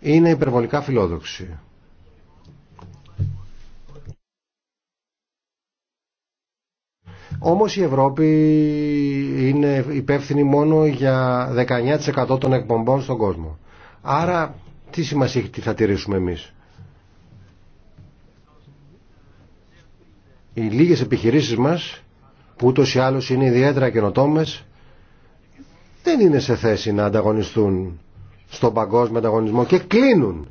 είναι υπερβολικά φιλόδοξη. Όμως η Ευρώπη είναι υπεύθυνη μόνο για 19% των εκπομπών στον κόσμο. Άρα τι σημασία έχει τι θα τηρήσουμε εμείς. Οι λίγες επιχειρήσεις μας που ούτως ή άλλως είναι ιδιαίτερα καινοτόμε, δεν είναι σε θέση να ανταγωνιστούν στον παγκόσμιο ανταγωνισμό και κλείνουν.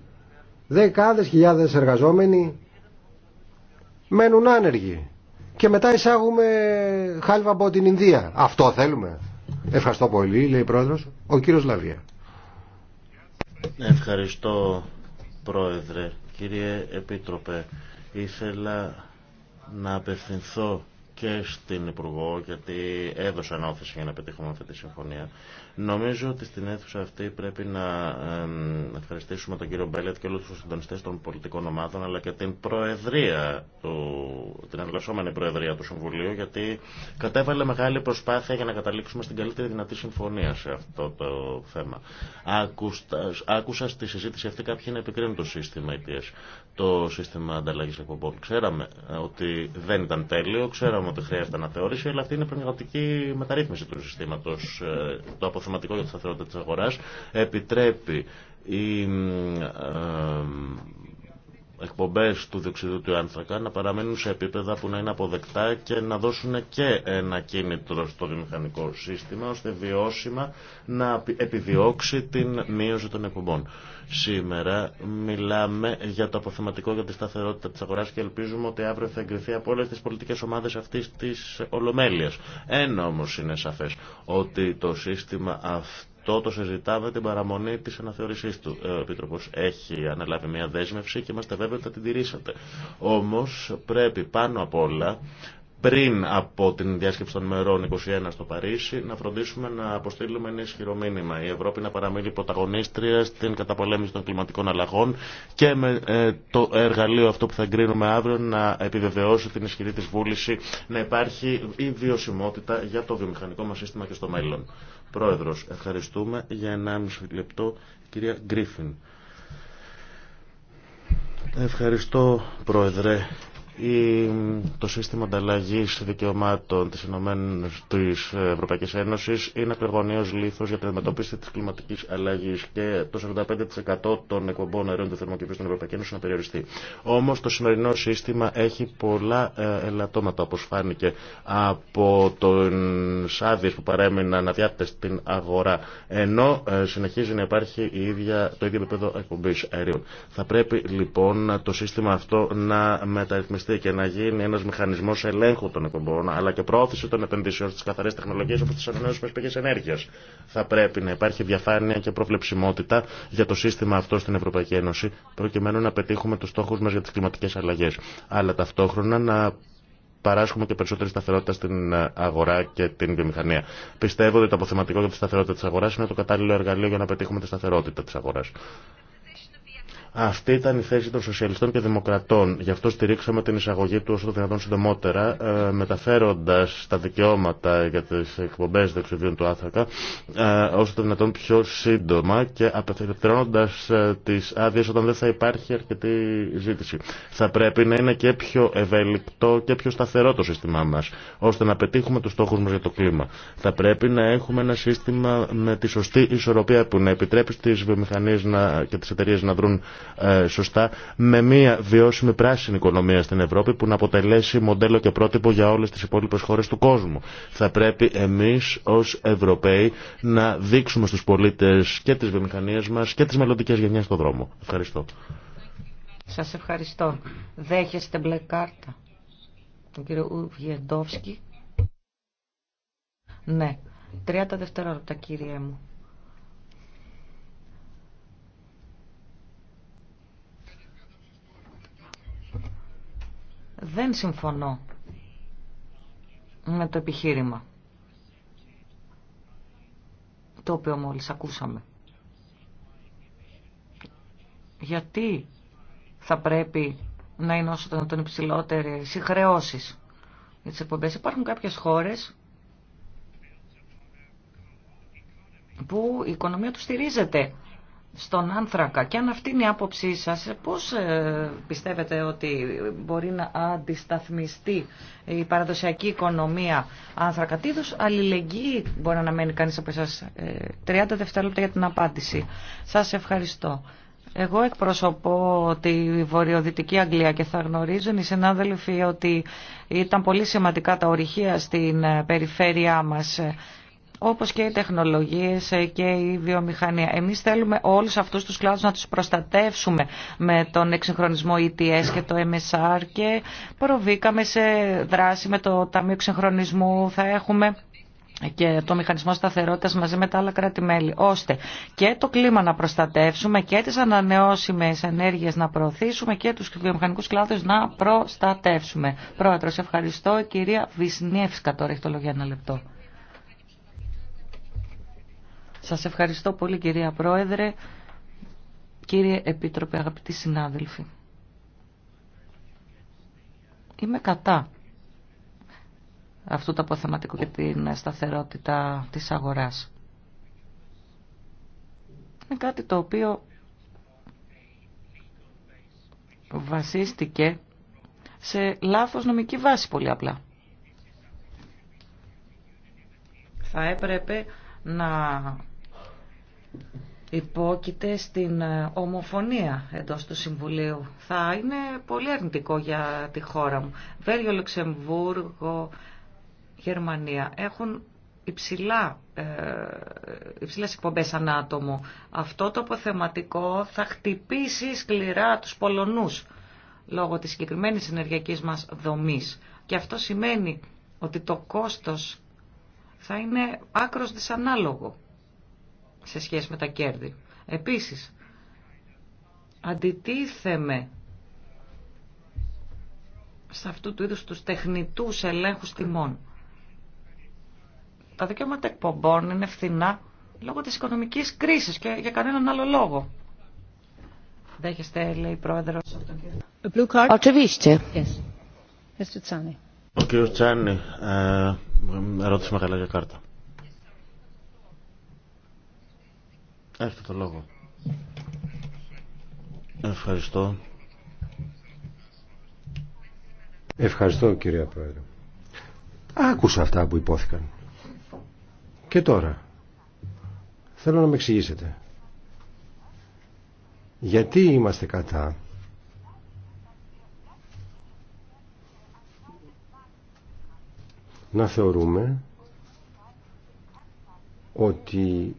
Δεκάδες χιλιάδες εργαζόμενοι μένουν άνεργοι και μετά εισάγουμε χάλβα από την Ινδία. Αυτό θέλουμε. Ευχαριστώ πολύ, λέει η πρόεδρος. Ο κύριος Λαβία. Ευχαριστώ, πρόεδρε. Κύριε Επίτροπε, ήθελα να απευθυνθώ και στην Υπουργό, γιατί έδωσα όθηση για να πετύχουμε αυτή τη συμφωνία. Νομίζω ότι στην αίθουσα αυτή πρέπει να ευχαριστήσουμε τον κύριο Μπέλετ και όλου του συντονιστέ των πολιτικών ομάδων, αλλά και την Προεδρία, του, την εργασόμενη Προεδρία του Συμβουλίου, γιατί κατέβαλε μεγάλη προσπάθεια για να καταλήξουμε στην καλύτερη δυνατή συμφωνία σε αυτό το θέμα. άκουσα στη συζήτηση αυτή κάποιοι να επικρίνουν το σύστημα ΙΤΕΣ, το σύστημα ανταλλαγή εκπομπών. Ξέραμε ότι δεν ήταν τέλειο, ξέραμε ότι χρειάζεται αναθεώρηση, αλλά αυτή είναι πραγματική μεταρρύθμιση του συστήματο. Ε, το αποτελεσματικό για τη σταθερότητα της αγοράς, επιτρέπει η ε, εκπομπές του διοξιδίου του άνθρακα να παραμένουν σε επίπεδα που να είναι αποδεκτά και να δώσουν και ένα κίνητρο στο βιομηχανικό σύστημα ώστε βιώσιμα να επιδιώξει την μείωση των εκπομπών. Σήμερα μιλάμε για το αποθεματικό για τη σταθερότητα της αγοράς και ελπίζουμε ότι αύριο θα εγκριθεί από όλες τις πολιτικές ομάδες αυτής της Ολομέλειας. Ένα όμως είναι σαφές ότι το σύστημα αυτό Τότε το συζητάμε την παραμονή τη αναθεώρησή του. Ε, ο Επίτροπο έχει αναλάβει μια δέσμευση και είμαστε βέβαιοι ότι θα την τηρήσατε. Όμω πρέπει πάνω απ' όλα πριν από την διάσκεψη των μερών 21 στο Παρίσι να φροντίσουμε να αποστείλουμε ένα ισχυρό μήνυμα. Η Ευρώπη να παραμείνει πρωταγωνίστρια στην καταπολέμηση των κλιματικών αλλαγών και με ε, το εργαλείο αυτό που θα εγκρίνουμε αύριο να επιβεβαιώσει την ισχυρή της βούληση να υπάρχει η βιωσιμότητα για το βιομηχανικό μας σύστημα και στο μέλλον. Πρόεδρος, ευχαριστούμε για 1,5 λεπτό κυρία Γκρίφιν. Ευχαριστώ Πρόεδρε το σύστημα ανταλλαγή δικαιωμάτων τη της Ευρωπαϊκής Ένωσης είναι ακρογωνίω λίθος για την αντιμετώπιση της κλιματικής αλλαγής και το 45% των εκπομπών αερίων του θερμοκηπίου στην Ευρωπαϊκή Ένωση να περιοριστεί. Όμως το σημερινό σύστημα έχει πολλά ε, ελαττώματα, όπω φάνηκε από τον άδειε που παρέμειναν αδιάπτε στην αγορά, ενώ ε, συνεχίζει να υπάρχει η ίδια, το ίδιο επίπεδο εκπομπή αερίων. Θα πρέπει λοιπόν το σύστημα αυτό να μεταρρυθμιστεί και να γίνει ένα μηχανισμό ελέγχου των εκπομπών αλλά και προώθηση των επενδύσεων στι καθαρέ τεχνολογίε όπω τι ανανεώσιμε πηγέ ενέργεια. Θα πρέπει να υπάρχει διαφάνεια και προβλεψιμότητα για το σύστημα αυτό στην Ευρωπαϊκή Ένωση προκειμένου να πετύχουμε του στόχου μα για τι κλιματικέ αλλαγέ. Αλλά ταυτόχρονα να παράσχουμε και περισσότερη σταθερότητα στην αγορά και την βιομηχανία. Πιστεύω ότι το αποθεματικό για τη σταθερότητα τη αγορά είναι το κατάλληλο εργαλείο για να πετύχουμε τη σταθερότητα τη αγορά. Αυτή ήταν η θέση των Σοσιαλιστών και Δημοκρατών. Γι' αυτό στηρίξαμε την εισαγωγή του όσο το δυνατόν συντομότερα, ε, μεταφέροντα τα δικαιώματα για τι εκπομπέ δεξιδίων του Άθρακα ε, όσο το δυνατόν πιο σύντομα και ε, τι άδειε όταν δεν θα υπάρχει αρκετή ζήτηση. Θα πρέπει να είναι και πιο ευέλικτο και πιο σταθερό το σύστημά μα, ώστε να πετύχουμε του στόχου μα για το κλίμα. Θα πρέπει να έχουμε ένα σύστημα με τη σωστή ισορροπία που να επιτρέπει στι βιομηχανίε και τι εταιρείε να δρουν ε, σωστά με μια βιώσιμη πράσινη οικονομία στην Ευρώπη που να αποτελέσει μοντέλο και πρότυπο για όλες τις υπόλοιπες χώρες του κόσμου. Θα πρέπει εμείς ως Ευρωπαίοι να δείξουμε στους πολίτες και τις βιομηχανίες μας και τις μελλοντικέ γενιές στον δρόμο. Ευχαριστώ. Σας ευχαριστώ. Δέχεστε μπλε κάρτα. Τον κύριο Ουβιεντόφσκι. Ναι. 30 δευτερόλεπτα κύριε μου. Δεν συμφωνώ με το επιχείρημα το οποίο μόλις ακούσαμε. Γιατί θα πρέπει να είναι όσο το τον υψηλότερε οι χρεώσει για τι εκπομπέ. Υπάρχουν κάποιε χώρε που η οικονομία του στηρίζεται στον άνθρακα και αν αυτή είναι η άποψή σας, πώς ε, πιστεύετε ότι μπορεί να αντισταθμιστεί η παραδοσιακή οικονομία άνθρακα. Τι είδους αλληλεγγύη μπορεί να μένει κανείς από εσάς. 30 ε, δευτερόλεπτα για την απάντηση. Σας ευχαριστώ. Εγώ εκπροσωπώ τη βορειοδυτική Αγγλία και θα γνωρίζουν οι συνάδελφοι ότι ήταν πολύ σημαντικά τα ορυχεία στην ε, περιφέρειά μας όπως και οι τεχνολογίες και η βιομηχανία. Εμείς θέλουμε όλους αυτούς τους κλάδους να τους προστατεύσουμε με τον εξυγχρονισμό ETS και το MSR και προβήκαμε σε δράση με το Ταμείο Εξυγχρονισμού. Θα έχουμε και το μηχανισμό σταθερότητας μαζί με τα άλλα κράτη-μέλη, ώστε και το κλίμα να προστατεύσουμε και τις ανανεώσιμες ενέργειες να προωθήσουμε και τους βιομηχανικούς κλάδους να προστατεύσουμε. Πρόεδρος, ευχαριστώ. Η Κυρία Βυσνιεύσκα τώρα έχει το λόγο ένα λεπτό. Σας ευχαριστώ πολύ κυρία Πρόεδρε, κύριε Επίτροπε, αγαπητοί συνάδελφοι. Είμαι κατά αυτού του αποθεματικού και την σταθερότητα της αγοράς. Είναι κάτι το οποίο βασίστηκε σε λάθος νομική βάση πολύ απλά. Θα έπρεπε να υπόκειται στην ε, ομοφωνία εντός του Συμβουλίου. Θα είναι πολύ αρνητικό για τη χώρα μου. Βέλγιο, Λουξεμβούργο, Γερμανία έχουν υψηλά, ε, υψηλές ανάτομο. Αυτό το αποθεματικό θα χτυπήσει σκληρά τους Πολωνούς λόγω της συγκεκριμένη ενεργειακής μας δομής. Και αυτό σημαίνει ότι το κόστος θα είναι άκρος δυσανάλογο σε σχέση με τα κέρδη. Επίσης, αντιτίθεμε σε αυτού του είδους τους τεχνητούς ελέγχους τιμών. Τα δικαιώματα εκπομπών είναι φθηνά λόγω της οικονομικής κρίσης και για κανέναν άλλο λόγο. Δέχεστε, λέει η Πρόεδρο. Ο κύριος Τσάνι, ε, ερώτηση με για κάρτα. Έχετε το λόγο. Ευχαριστώ. Ευχαριστώ κυρία Πρόεδρε. Άκουσα αυτά που υπόθηκαν. Και τώρα θέλω να με εξηγήσετε. Γιατί είμαστε κατά να θεωρούμε ότι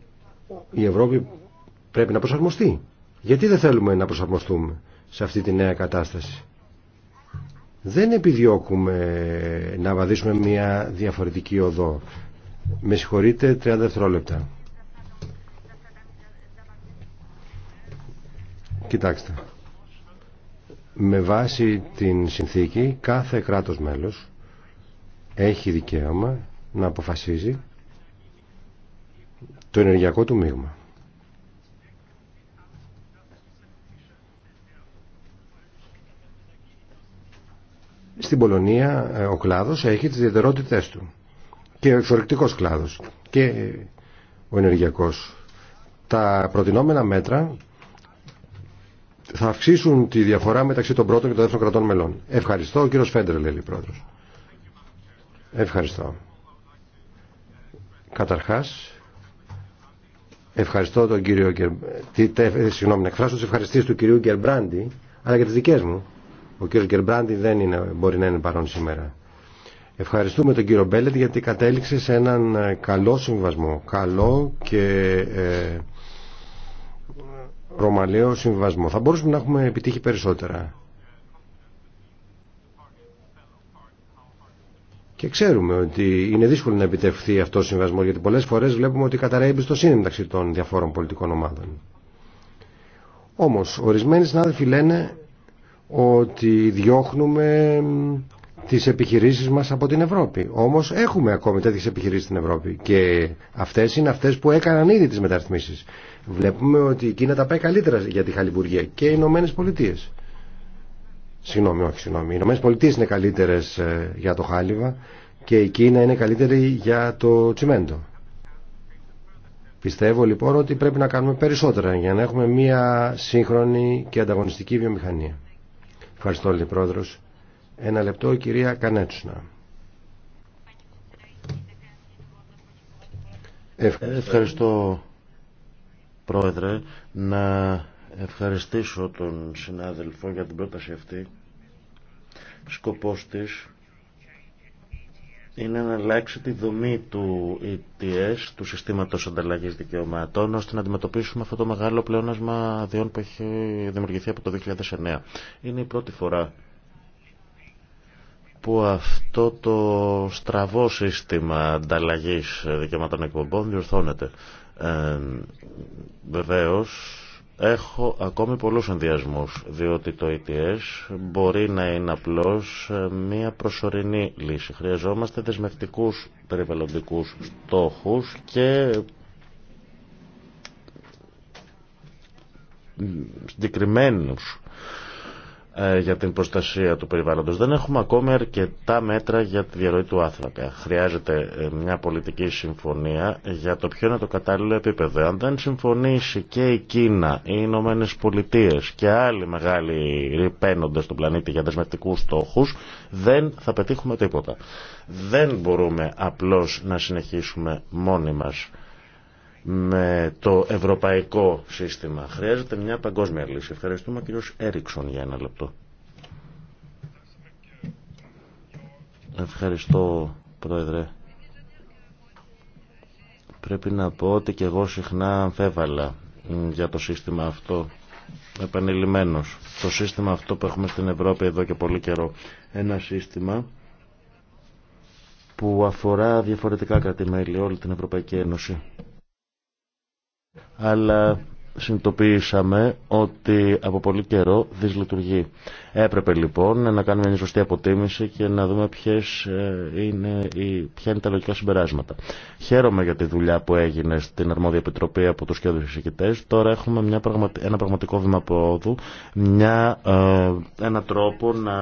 η Ευρώπη πρέπει να προσαρμοστεί. Γιατί δεν θέλουμε να προσαρμοστούμε σε αυτή τη νέα κατάσταση. Δεν επιδιώκουμε να βαδίσουμε μια διαφορετική οδό. Με συγχωρείτε 30 δευτερόλεπτα. Κοιτάξτε. Με βάση την συνθήκη κάθε κράτος μέλος έχει δικαίωμα να αποφασίζει το ενεργειακό του μείγμα. Στην Πολωνία ε, ο κλάδος έχει τις ιδιαιτερότητές του και ο εξορρυκτικός κλάδος και ε, ο ενεργειακός. Τα προτινόμενα μέτρα θα αυξήσουν τη διαφορά μεταξύ των πρώτων και των δεύτερων κρατών μελών. Ευχαριστώ, ο κύριος Φέντερ, λέει πρόεδρος. Ευχαριστώ. Καταρχάς, Ευχαριστώ τον κύριο Κερ συγγνώμη, να εκφράσω ευχαριστήσεις του κυρίου Γκερμπράντι, αλλά και τι δικές μου. Ο κύριος Γκερμπράντι δεν είναι, μπορεί να είναι παρόν σήμερα. Ευχαριστούμε τον κύριο Μπέλετ γιατί κατέληξε σε έναν ε, καλό συμβασμό. Καλό και ε, ρωμαλαίο συμβασμό. Θα μπορούσαμε να έχουμε επιτύχει περισσότερα. Και ξέρουμε ότι είναι δύσκολο να επιτευχθεί αυτό ο συμβασμό γιατί πολλέ φορέ βλέπουμε ότι καταραίει εμπιστοσύνη μεταξύ των διαφόρων πολιτικών ομάδων. Όμω, ορισμένοι συνάδελφοι λένε ότι διώχνουμε τι επιχειρήσει μα από την Ευρώπη. Όμω έχουμε ακόμη τέτοιε επιχειρήσει στην Ευρώπη και αυτέ είναι αυτέ που έκαναν ήδη τι μεταρρυθμίσεις. Βλέπουμε ότι η Κίνα τα πάει καλύτερα για τη Χαλιβουργία και οι Ηνωμένε Πολιτείε. Συγγνώμη, όχι, συγγνώμη. Οι Ηνωμένε Πολιτείε είναι καλύτερε ε, για το χάλιβα και η Κίνα είναι καλύτερη για το τσιμέντο. Πιστεύω λοιπόν ότι πρέπει να κάνουμε περισσότερα για να έχουμε μια σύγχρονη και ανταγωνιστική βιομηχανία. Ευχαριστώ, Λε Ένα λεπτό, η κυρία Κανέτσουνα. Ε, ευχαριστώ, Πρόεδρε. Να ευχαριστήσω τον συνάδελφο για την πρόταση αυτή. Σκοπός της είναι να αλλάξει τη δομή του ETS, του συστήματος ανταλλαγής δικαιωμάτων, ώστε να αντιμετωπίσουμε αυτό το μεγάλο πλεόνασμα διών που έχει δημιουργηθεί από το 2009. Είναι η πρώτη φορά που αυτό το στραβό σύστημα ανταλλαγής δικαιωμάτων εκπομπών διορθώνεται. Ε, βεβαίως, Έχω ακόμη πολλούς ενδιασμούς, διότι το ETS μπορεί να είναι απλώς ε, μία προσωρινή λύση. Χρειαζόμαστε δεσμευτικούς περιβαλλοντικούς στόχους και συγκεκριμένους ε, για την προστασία του περιβάλλοντος. Δεν έχουμε ακόμη αρκετά μέτρα για τη διαρροή του άθρακα. Χρειάζεται ε, μια πολιτική συμφωνία για το ποιο είναι το κατάλληλο επίπεδο. Αν δεν συμφωνήσει και η Κίνα, οι Ηνωμένε Πολιτείε και άλλοι μεγάλοι ρηπαίνοντες στον πλανήτη για δεσμευτικού στόχους, δεν θα πετύχουμε τίποτα. Δεν μπορούμε απλώς να συνεχίσουμε μόνοι μας με το ευρωπαϊκό σύστημα. Χρειάζεται μια παγκόσμια λύση. Ευχαριστούμε κύριο Έριξον για ένα λεπτό. Ευχαριστώ πρόεδρε. Πρέπει να πω ότι και εγώ συχνά αμφέβαλα για το σύστημα αυτό επανειλημμένος. Το σύστημα αυτό που έχουμε στην Ευρώπη εδώ και πολύ καιρό. Ένα σύστημα που αφορά διαφορετικά κρατημέλη όλη την Ευρωπαϊκή Ένωση αλλά συνειδητοποιήσαμε ότι από πολύ καιρό δυσλειτουργεί. Έπρεπε λοιπόν να κάνουμε μια σωστή αποτίμηση και να δούμε ποιες ε, είναι, ποια είναι τα λογικά συμπεράσματα. Χαίρομαι για τη δουλειά που έγινε στην Αρμόδια Επιτροπή από τους και εισηγητές. Τώρα έχουμε μια ένα πραγματικό βήμα προόδου, μια, ε, ένα τρόπο να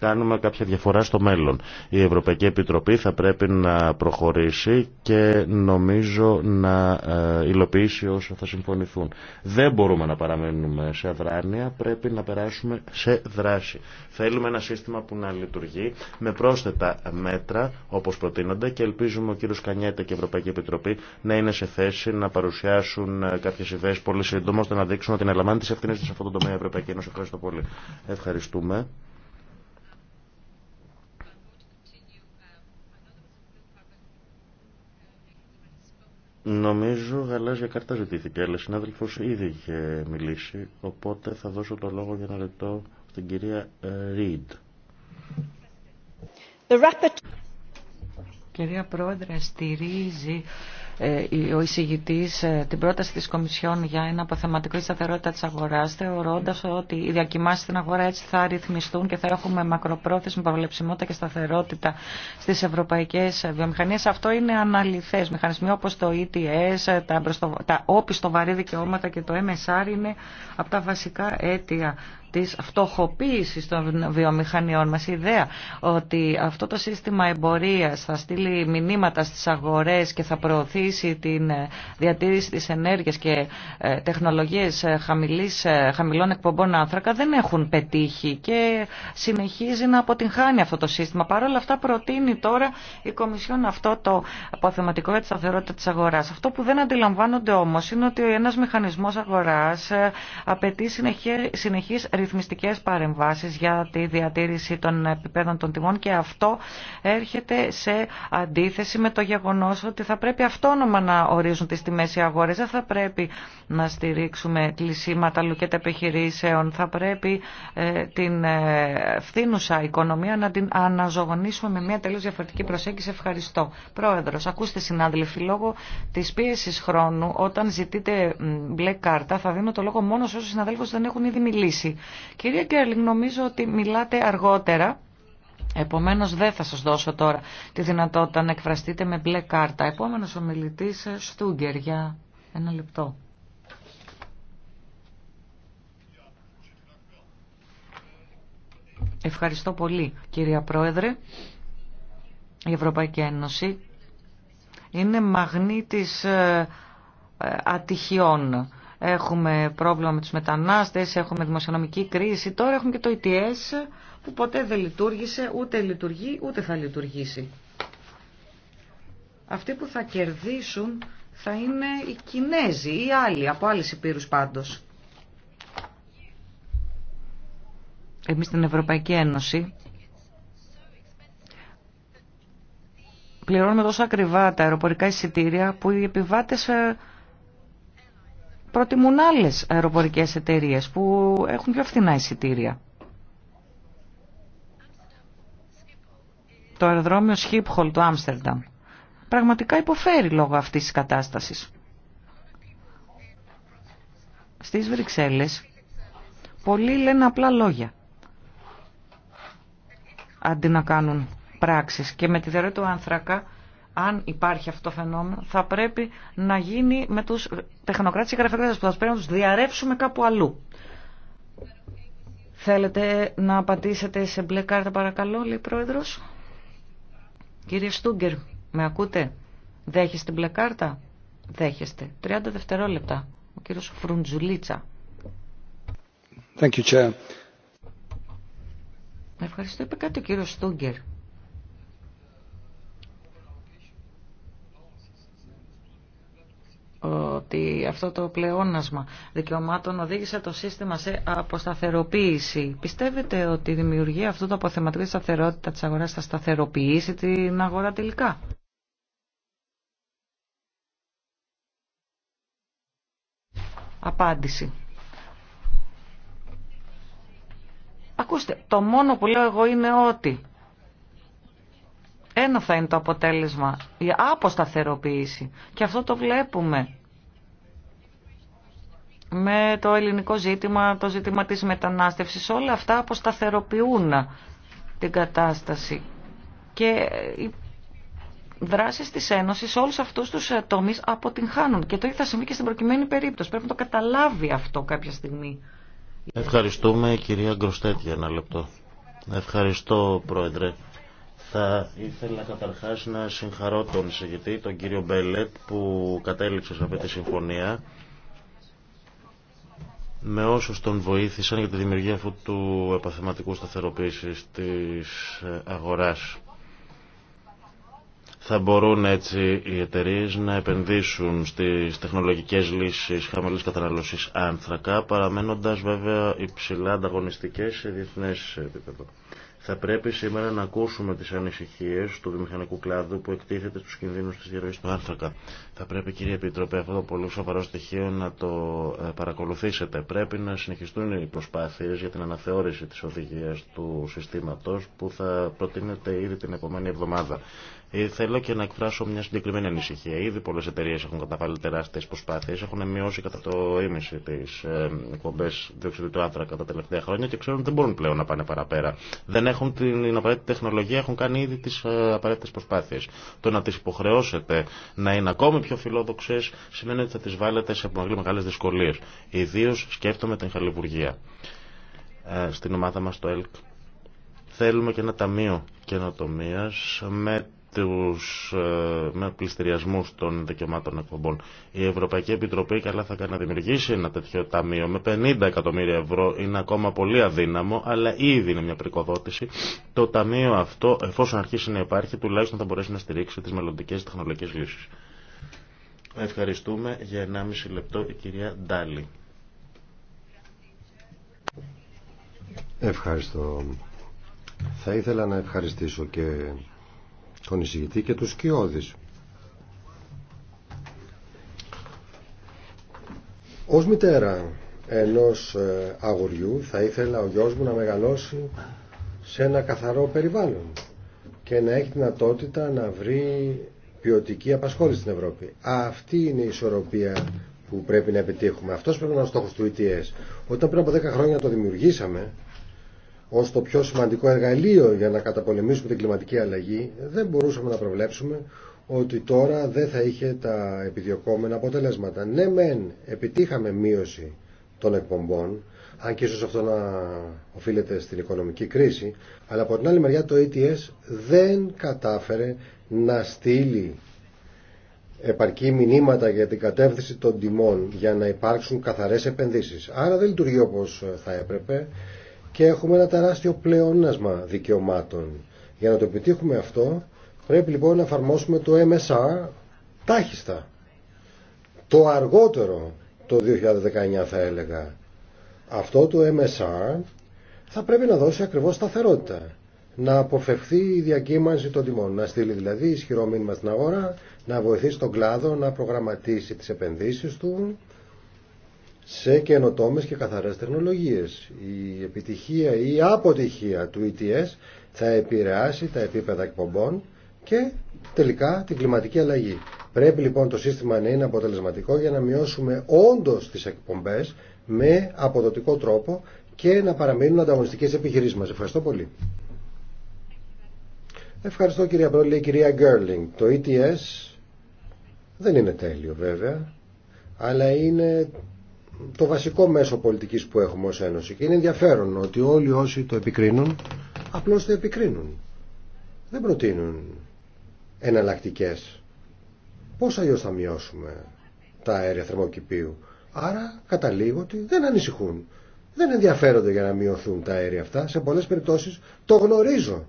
κάνουμε κάποια διαφορά στο μέλλον. Η Ευρωπαϊκή Επιτροπή θα πρέπει να προχωρήσει και νομίζω να ε, υλοποιήσει όσα θα συμφωνηθούν. Δεν μπορούμε να παραμένουμε σε αδράνεια, πρέπει να περάσουμε σε δράση. Θέλουμε ένα σύστημα που να λειτουργεί με πρόσθετα μέτρα όπως προτείνονται και ελπίζουμε ο κύριος Κανιέτα και η Ευρωπαϊκή Επιτροπή να είναι σε θέση να παρουσιάσουν ε, κάποιες ιδέες πολύ σύντομα ώστε να δείξουν ότι αναλαμβάνει τις ευθύνες της σε αυτό το τομέα Ευρωπαϊκή Ένωση. Ευχαριστώ πολύ. Ευχαριστούμε. Νομίζω γαλάζια κάρτα ζητήθηκε, αλλά συνάδελφος ήδη είχε μιλήσει, οπότε θα δώσω το λόγο για να λεπτό στην κυρία Ρίντ. Ε, κυρία Πρόεδρε, στηρίζει ε, ο εισηγητής ε, την πρόταση της Κομισιόν για ένα αποθεματικό σταθερότητα της αγοράς, θεωρώντα ότι οι διακοιμάσει στην αγορά έτσι θα ρυθμιστούν και θα έχουμε μακροπρόθεσμη προβλεψιμότητα και σταθερότητα στις ευρωπαϊκές βιομηχανίες. Αυτό είναι αναλυθέ. Μηχανισμοί όπως το ETS, τα, τα όπιστο βαρύ δικαιώματα και το MSR είναι από τα βασικά αίτια της φτωχοποίησης των βιομηχανιών μας. Η ιδέα ότι αυτό το σύστημα εμπορίας θα στείλει μηνύματα στις αγορές και θα προωθήσει την ε, διατήρηση της ενέργειας και ε, τεχνολογίες ε, χαμηλής, χαμηλών εκπομπών άνθρακα δεν έχουν πετύχει και συνεχίζει να αποτυγχάνει αυτό το σύστημα. Παρ' όλα αυτά προτείνει τώρα η Κομισιόν αυτό το αποθεματικό για τη σταθερότητα της αγοράς. Αυτό που δεν αντιλαμβάνονται όμως είναι ότι ένας μηχανισμός αγοράς απαιτεί ρυθμίσεις ρυθμιστικέ παρεμβάσει για τη διατήρηση των επιπέδων των τιμών και αυτό έρχεται σε αντίθεση με το γεγονό ότι θα πρέπει αυτόνομα να ορίζουν τι τιμές οι αγορέ. Δεν θα πρέπει να στηρίξουμε κλεισίματα λουκέτα επιχειρήσεων. Θα πρέπει ε, την ε, φθήνουσα οικονομία να την αναζωογονήσουμε με μια τελείω διαφορετική προσέγγιση. Ευχαριστώ. Πρόεδρο. ακούστε συνάδελφοι, λόγω τη πίεση χρόνου όταν ζητείτε μπλε κάρτα θα δίνω το λόγο μόνο σε όσου συναδέλφου δεν έχουν ήδη μιλήσει. Κυρία Κέρλινγκ, νομίζω ότι μιλάτε αργότερα. Επομένως δεν θα σας δώσω τώρα τη δυνατότητα να εκφραστείτε με μπλε κάρτα. Επόμενος ομιλητής ε, Στούγκερ για ένα λεπτό. Ευχαριστώ πολύ κυρία Πρόεδρε. Η Ευρωπαϊκή Ένωση είναι μαγνήτης ε, ε, ατυχιών Έχουμε πρόβλημα με τους μετανάστες, έχουμε δημοσιονομική κρίση, τώρα έχουμε και το ETS που ποτέ δεν λειτουργήσε, ούτε λειτουργεί, ούτε θα λειτουργήσει. Αυτοί που θα κερδίσουν θα είναι οι Κινέζοι ή άλλοι, από άλλες υπήρους πάντως. Εμείς στην Ευρωπαϊκή Ένωση πληρώνουμε τόσο ακριβά τα αεροπορικά εισιτήρια που οι επιβάτες ε, προτιμούν άλλε αεροπορικές εταιρείε που έχουν πιο φθηνά εισιτήρια. Το αεροδρόμιο Schiphol του Άμστερνταμ πραγματικά υποφέρει λόγω αυτής της κατάστασης. Στις Βρυξέλλες πολλοί λένε απλά λόγια αντί να κάνουν πράξεις και με τη θεωρία του άνθρακα αν υπάρχει αυτό το φαινόμενο, θα πρέπει να γίνει με τους τεχνοκράτες και γραφειοκράτες που θα πρέπει να τους διαρρεύσουμε κάπου αλλού. Θέλετε να απαντήσετε σε μπλε κάρτα παρακαλώ, λέει πρόεδρος. Κύριε Στούγκερ, με ακούτε. Δέχεστε μπλε κάρτα. Δέχεστε. 30 δευτερόλεπτα. Ο κύριος Φρουντζουλίτσα. Thank you, Chair. Ευχαριστώ. Είπε κάτι ο κύριος Στούγκερ. ότι αυτό το πλεόνασμα δικαιωμάτων οδήγησε το σύστημα σε αποσταθεροποίηση. Πιστεύετε ότι η δημιουργία αυτού του αποθεματικού της σταθερότητα της αγοράς θα σταθεροποιήσει την αγορά τελικά. Απάντηση. Ακούστε, το μόνο που λέω εγώ είναι ότι ένα θα είναι το αποτέλεσμα, η αποσταθεροποίηση. Και αυτό το βλέπουμε με το ελληνικό ζήτημα, το ζήτημα της μετανάστευσης. Όλα αυτά αποσταθεροποιούν την κατάσταση. Και οι δράσεις της Ένωσης σε όλους αυτούς τους ε, τομείς αποτυγχάνουν. Και το ίδιο θα συμβεί και στην προκειμένη περίπτωση. Πρέπει να το καταλάβει αυτό κάποια στιγμή. Ευχαριστούμε κυρία Γκροστέτ για ένα λεπτό. Ευχαριστώ πρόεδρε. Θα ήθελα καταρχά να συγχαρώ τον εισηγητή, τον κύριο Μπέλετ, που κατέληξε σε αυτή τη συμφωνία με όσους τον βοήθησαν για τη δημιουργία αυτού του επαθεματικού σταθεροποίησης της αγοράς. Θα μπορούν έτσι οι εταιρείε να επενδύσουν στις τεχνολογικές λύσεις χαμηλής καταναλώσης άνθρακα, παραμένοντας βέβαια υψηλά ανταγωνιστικές σε διεθνές επίπεδο. Θα πρέπει σήμερα να ακούσουμε τις ανησυχίες του βιομηχανικού κλάδου που εκτίθεται στους κινδύνους της διαρροής του άνθρακα. Θα πρέπει κύριε Επιτροπέ αυτό το πολύ σοβαρό στοιχείο να το ε, παρακολουθήσετε. Πρέπει να συνεχιστούν οι προσπάθειες για την αναθεώρηση της οδηγίας του συστήματος που θα προτείνεται ήδη την επόμενη εβδομάδα. Θέλω και να εκφράσω μια συγκεκριμένη ανησυχία. Ήδη πολλέ εταιρείε έχουν καταβάλει τεράστιε προσπάθειε, έχουν μειώσει κατά το ίμιση τι ε, εκπομπέ διοξιδίου του άνθρακα τα τελευταία χρόνια και ξέρουν ότι δεν μπορούν πλέον να πάνε παραπέρα. Δεν έχουν την απαραίτητη τεχνολογία, έχουν κάνει ήδη τι ε, απαραίτητε προσπάθειε. Το να τι υποχρεώσετε να είναι ακόμη πιο φιλόδοξε σημαίνει ότι θα τι βάλετε σε πολύ μεγάλε δυσκολίε. Ιδίω σκέφτομαι την χαλιβουργία. Ε, στην ομάδα μα το ΕΛΚ θέλουμε και ένα ταμείο καινοτομία με τους ε, με πληστηριασμού των δικαιωμάτων εκπομπών. Η Ευρωπαϊκή Επιτροπή καλά θα κάνει να δημιουργήσει ένα τέτοιο ταμείο με 50 εκατομμύρια ευρώ. Είναι ακόμα πολύ αδύναμο, αλλά ήδη είναι μια πρικοδότηση. Το ταμείο αυτό, εφόσον αρχίσει να υπάρχει, τουλάχιστον θα μπορέσει να στηρίξει τις μελλοντικές τεχνολογικές λύσει. Ευχαριστούμε για 1,5 λεπτό η κυρία Ντάλη. Ευχαριστώ. Θα ήθελα να ευχαριστήσω και τον εισηγητή και τους σκιώδης. Ως μητέρα ενός ε, αγοριού θα ήθελα ο γιος μου να μεγαλώσει σε ένα καθαρό περιβάλλον και να έχει δυνατότητα να βρει ποιοτική απασχόληση στην Ευρώπη. Αυτή είναι η ισορροπία που πρέπει να επιτύχουμε. Αυτός πρέπει να είναι ο στόχο του ETS. Όταν πριν από 10 χρόνια το δημιουργήσαμε, ως το πιο σημαντικό εργαλείο για να καταπολεμήσουμε την κλιματική αλλαγή, δεν μπορούσαμε να προβλέψουμε ότι τώρα δεν θα είχε τα επιδιωκόμενα αποτελέσματα. Ναι μεν επιτύχαμε μείωση των εκπομπών, αν και ίσως αυτό να οφείλεται στην οικονομική κρίση, αλλά από την άλλη μεριά το ETS ε δεν κατάφερε να στείλει επαρκή μηνύματα για την κατεύθυνση των τιμών για να υπάρξουν καθαρές επενδύσεις. Άρα δεν λειτουργεί όπως θα έπρεπε και έχουμε ένα τεράστιο πλεονάσμα δικαιωμάτων. Για να το επιτύχουμε αυτό πρέπει λοιπόν να εφαρμόσουμε το MSR τάχιστα. Το αργότερο το 2019 θα έλεγα. Αυτό το MSR θα πρέπει να δώσει ακριβώς σταθερότητα. Να αποφευθεί η διακύμανση των τιμών. Να στείλει δηλαδή ισχυρό μήνυμα στην αγορά, να βοηθήσει τον κλάδο να προγραμματίσει τις επενδύσεις του, σε καινοτόμε και καθαρέ τεχνολογίες. Η επιτυχία ή η αποτυχία του ETS θα επηρεάσει τα επίπεδα εκπομπών και τελικά την κλιματική αλλαγή. Πρέπει λοιπόν το σύστημα να είναι αποτελεσματικό για να μειώσουμε όντως τις εκπομπέ με αποδοτικό τρόπο και να παραμείνουν ανταγωνιστικέ επιχειρήσεις μα. Ευχαριστώ πολύ. Ευχαριστώ κυρία Πρόεδρε, κυρία Γκέρλινγκ. Το ETS δεν είναι τέλειο βέβαια, αλλά είναι το βασικό μέσο πολιτικής που έχουμε ως Ένωση και είναι ενδιαφέρον ότι όλοι όσοι το επικρίνουν απλώς το επικρίνουν δεν προτείνουν εναλλακτικέ. πώς αλλιώς θα μειώσουμε τα αέρια θερμοκηπίου άρα καταλήγω ότι δεν ανησυχούν δεν ενδιαφέρονται για να μειωθούν τα αέρια αυτά σε πολλές περιπτώσεις το γνωρίζω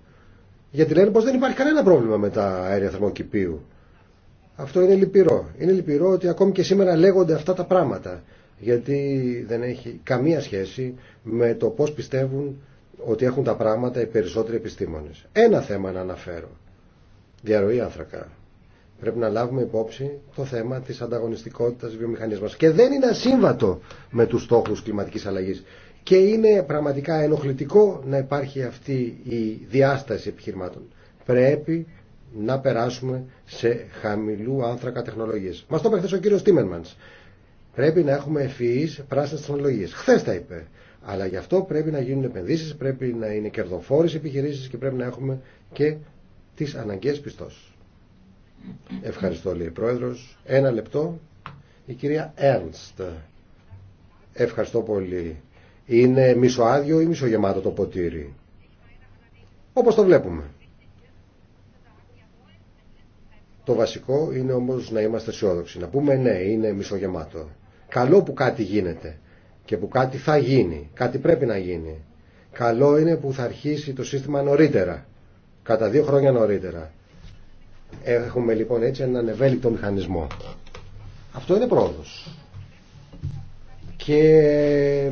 γιατί λένε πως δεν υπάρχει κανένα πρόβλημα με τα αέρια θερμοκηπίου αυτό είναι λυπηρό. Είναι λυπηρό ότι ακόμη και σήμερα λέγονται αυτά τα πράγματα γιατί δεν έχει καμία σχέση με το πώς πιστεύουν ότι έχουν τα πράγματα οι περισσότεροι επιστήμονες. Ένα θέμα να αναφέρω. Διαρροή άνθρακα. Πρέπει να λάβουμε υπόψη το θέμα της ανταγωνιστικότητας βιομηχανίας μας. Και δεν είναι ασύμβατο με τους στόχους κλιματικής αλλαγής. Και είναι πραγματικά ενοχλητικό να υπάρχει αυτή η διάσταση επιχειρημάτων. Πρέπει να περάσουμε σε χαμηλού άνθρακα τεχνολογίες. Μας το είπε ο κύριος Τίμερμανς. Πρέπει να έχουμε ευφυεί πράσινε τεχνολογίε. Χθες τα είπε. Αλλά γι' αυτό πρέπει να γίνουν επενδύσει, πρέπει να είναι κερδοφόρε επιχειρήσεις και πρέπει να έχουμε και τις αναγκαίε πιστώσει. Ευχαριστώ λέει πρόεδρο. Πρόεδρος. Ένα λεπτό. Η κυρία Έρνστ Ευχαριστώ πολύ. Είναι μισοάδιο ή μισογεμάτο το ποτήρι. Όπως το βλέπουμε. Το βασικό είναι όμως να είμαστε αισιόδοξοι. Να πούμε ναι, είναι μισογεμάτο. Καλό που κάτι γίνεται και που κάτι θα γίνει, κάτι πρέπει να γίνει. Καλό είναι που θα αρχίσει το σύστημα νωρίτερα, κατά δύο χρόνια νωρίτερα. Έχουμε λοιπόν έτσι έναν ευέλικτο μηχανισμό. Αυτό είναι πρόοδος. Και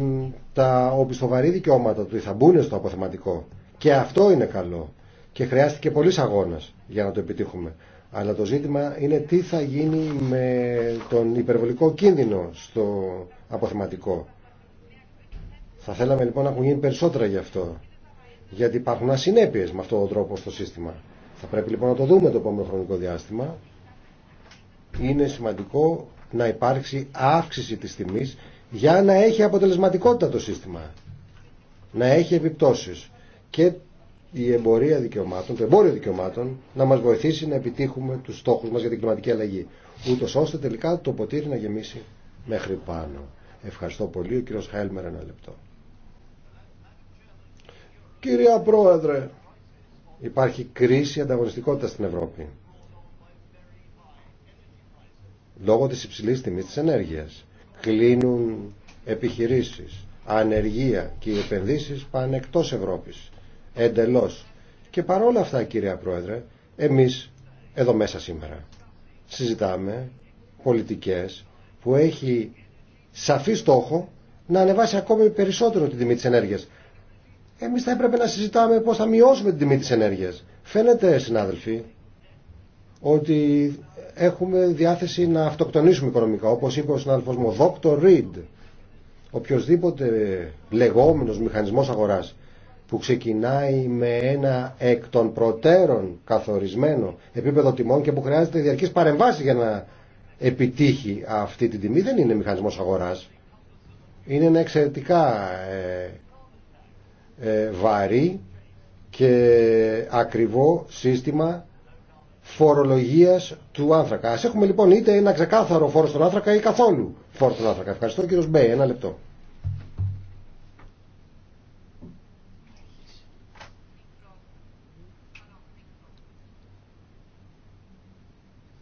τα οπισθοβαρή δικαιώματα του θα μπουν στο αποθεματικό. Και αυτό είναι καλό. Και χρειάστηκε πολλής αγώνας για να το επιτύχουμε. Αλλά το ζήτημα είναι τι θα γίνει με τον υπερβολικό κίνδυνο στο αποθεματικό. Θα θέλαμε λοιπόν να έχουν γίνει περισσότερα γι' αυτό. Γιατί υπάρχουν ασυνέπειες με αυτόν τον τρόπο στο σύστημα. Θα πρέπει λοιπόν να το δούμε το επόμενο χρονικό διάστημα. Είναι σημαντικό να υπάρξει αύξηση της τιμής για να έχει αποτελεσματικότητα το σύστημα. Να έχει επιπτώσεις. Και η εμπορία δικαιωμάτων, το εμπόριο δικαιωμάτων να μας βοηθήσει να επιτύχουμε τους στόχους μας για την κλιματική αλλαγή. Ούτως ώστε τελικά το ποτήρι να γεμίσει μέχρι πάνω. Ευχαριστώ πολύ. Ο κύριος Χέλμερ ένα λεπτό. Κυρία Πρόεδρε, υπάρχει κρίση ανταγωνιστικότητα στην Ευρώπη. Λόγω της υψηλής τιμής της ενέργειας. Κλείνουν επιχειρήσεις, ανεργία και οι επενδύσεις πάνε εκτός Ευρώπης εντελώς. Και παρόλα αυτά κύριε Πρόεδρε, εμείς εδώ μέσα σήμερα συζητάμε πολιτικές που έχει σαφή στόχο να ανεβάσει ακόμη περισσότερο την τιμή της ενέργειας. Εμείς θα έπρεπε να συζητάμε πώς θα μειώσουμε την τιμή της ενέργειας. Φαίνεται συνάδελφοι ότι έχουμε διάθεση να αυτοκτονήσουμε οικονομικά όπως είπε ο συνάδελφος μου, Dr. Reed οποιοδήποτε λεγόμενος μηχανισμός αγοράς που ξεκινάει με ένα εκ των προτέρων καθορισμένο επίπεδο τιμών και που χρειάζεται διαρκής παρεμβάση για να επιτύχει αυτή την τιμή δεν είναι μηχανισμός αγοράς. Είναι ένα εξαιρετικά ε, ε, βαρύ και ακριβό σύστημα φορολογίας του άνθρακα. Ας έχουμε λοιπόν είτε ένα ξεκάθαρο φόρο στον άνθρακα ή καθόλου φόρο στον άνθρακα. Ευχαριστώ κύριο Μπέι. Ένα λεπτό.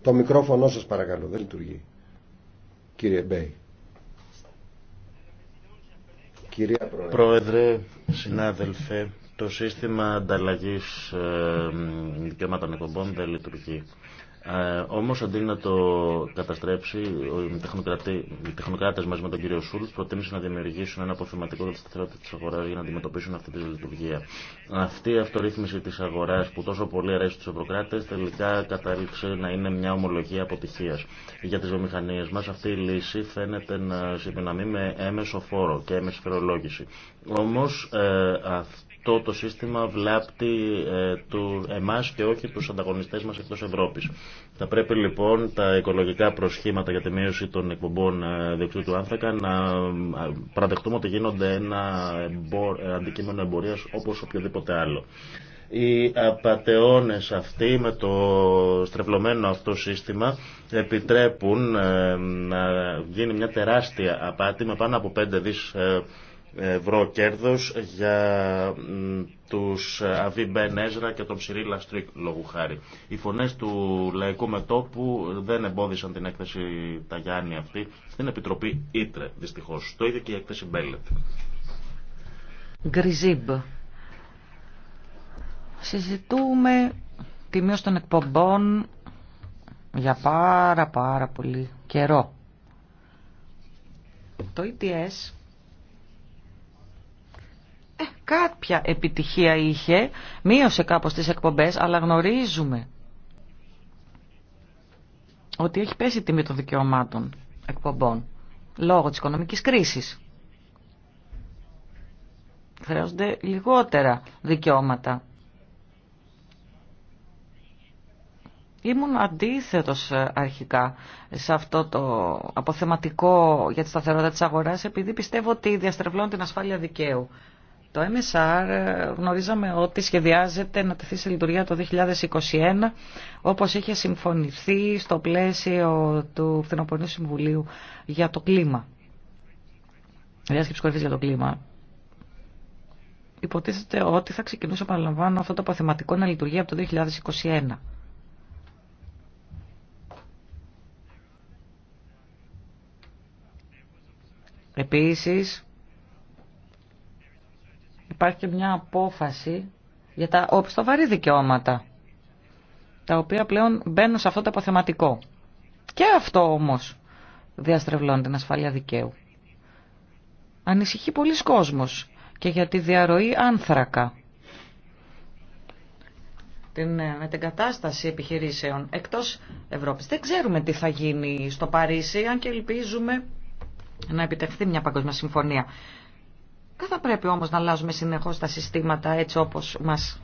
Το μικρόφωνο σας παρακαλώ, δεν λειτουργεί. Κύριε Μπέι. Κυρία Πρόεδρε. Πρόεδρε, συνάδελφε, το σύστημα ανταλλαγής ε, δικαιωμάτων εκπομπών δεν λειτουργεί. Ε, Όμω αντί να το καταστρέψει, οι τεχνοκράτε μαζί με τον κύριο Σούλτ προτίμησαν να δημιουργήσουν ένα αποθεματικό για τη σταθερότητα αγορά για να αντιμετωπίσουν αυτή τη λειτουργία. Αυτή η αυτορύθμιση της αγοράς που τόσο πολύ αρέσει στους ευρωκράτες τελικά κατάληξε να είναι μια ομολογία αποτυχίας Για τις βιομηχανίε μα αυτή η λύση φαίνεται να συμπιναμεί με έμεσο φόρο και έμεση φορολόγηση. Όμως ε, αυτό το σύστημα βλάπτει ε, του, εμάς και όχι τους ανταγωνιστές μας εκτός Ευρώπης. Θα πρέπει λοιπόν τα οικολογικά προσχήματα για τη μείωση των εκπομπών ε, διοξείδου του άνθρακα να ε, παραδεχτούμε ότι γίνονται ένα αντικείμενο εμπορίας όπως οποιοδήποτε άλλο οι απαταιώνες αυτοί με το στρεβλωμένο αυτό σύστημα επιτρέπουν να γίνει μια τεράστια απάτη με πάνω από 5 δις βρω κέρδος για τους ε, Αβί Μπεν Έζρα και τον Ψηρή Λαστρίκ λόγου χάρη. Οι φωνές του λαϊκού μετόπου δεν εμπόδισαν την έκθεση Ταγιάννη αυτή στην Επιτροπή Ήτρε δυστυχώς. Το ίδιο και η έκθεση Μπέλετ. Γκριζίμπ. Συζητούμε τη μείωση των εκπομπών για πάρα πάρα πολύ καιρό. Το ETS ε, κάποια επιτυχία είχε, μείωσε κάπως τις εκπομπές, αλλά γνωρίζουμε ότι έχει πέσει η τιμή των δικαιωμάτων εκπομπών λόγω της οικονομικής κρίσης. Χρειάζονται λιγότερα δικαιώματα. Ήμουν αντίθετος ε, αρχικά σε αυτό το αποθεματικό για τη σταθερότητα της αγοράς επειδή πιστεύω ότι διαστρεβλώνει την ασφάλεια δικαίου. Το MSR ε, γνωρίζαμε ότι σχεδιάζεται να τεθεί σε λειτουργία το 2021, όπως είχε συμφωνηθεί στο πλαίσιο του Φθινοπονίου Συμβουλίου για το κλίμα. Διάσκεψη κορυφής για το κλίμα. Υποτίθεται ότι θα ξεκινούσε, παραλαμβάνω αυτό το αποθεματικό να λειτουργεί από το 2021. Επίσης, Υπάρχει και μια απόφαση για τα βαρύ δικαιώματα, τα οποία πλέον μπαίνουν σε αυτό το αποθεματικό. Και αυτό όμως διαστρεβλώνει την ασφάλεια δικαίου. Ανησυχεί πολλοί κόσμος και για τη διαρροή άνθρακα. Την ε, κατάσταση επιχειρήσεων εκτός Ευρώπης. Δεν ξέρουμε τι θα γίνει στο Παρίσι, αν και ελπίζουμε να επιτευχθεί μια παγκόσμια συμφωνία. Δεν θα πρέπει όμως να αλλάζουμε συνεχώς τα συστήματα έτσι όπως μας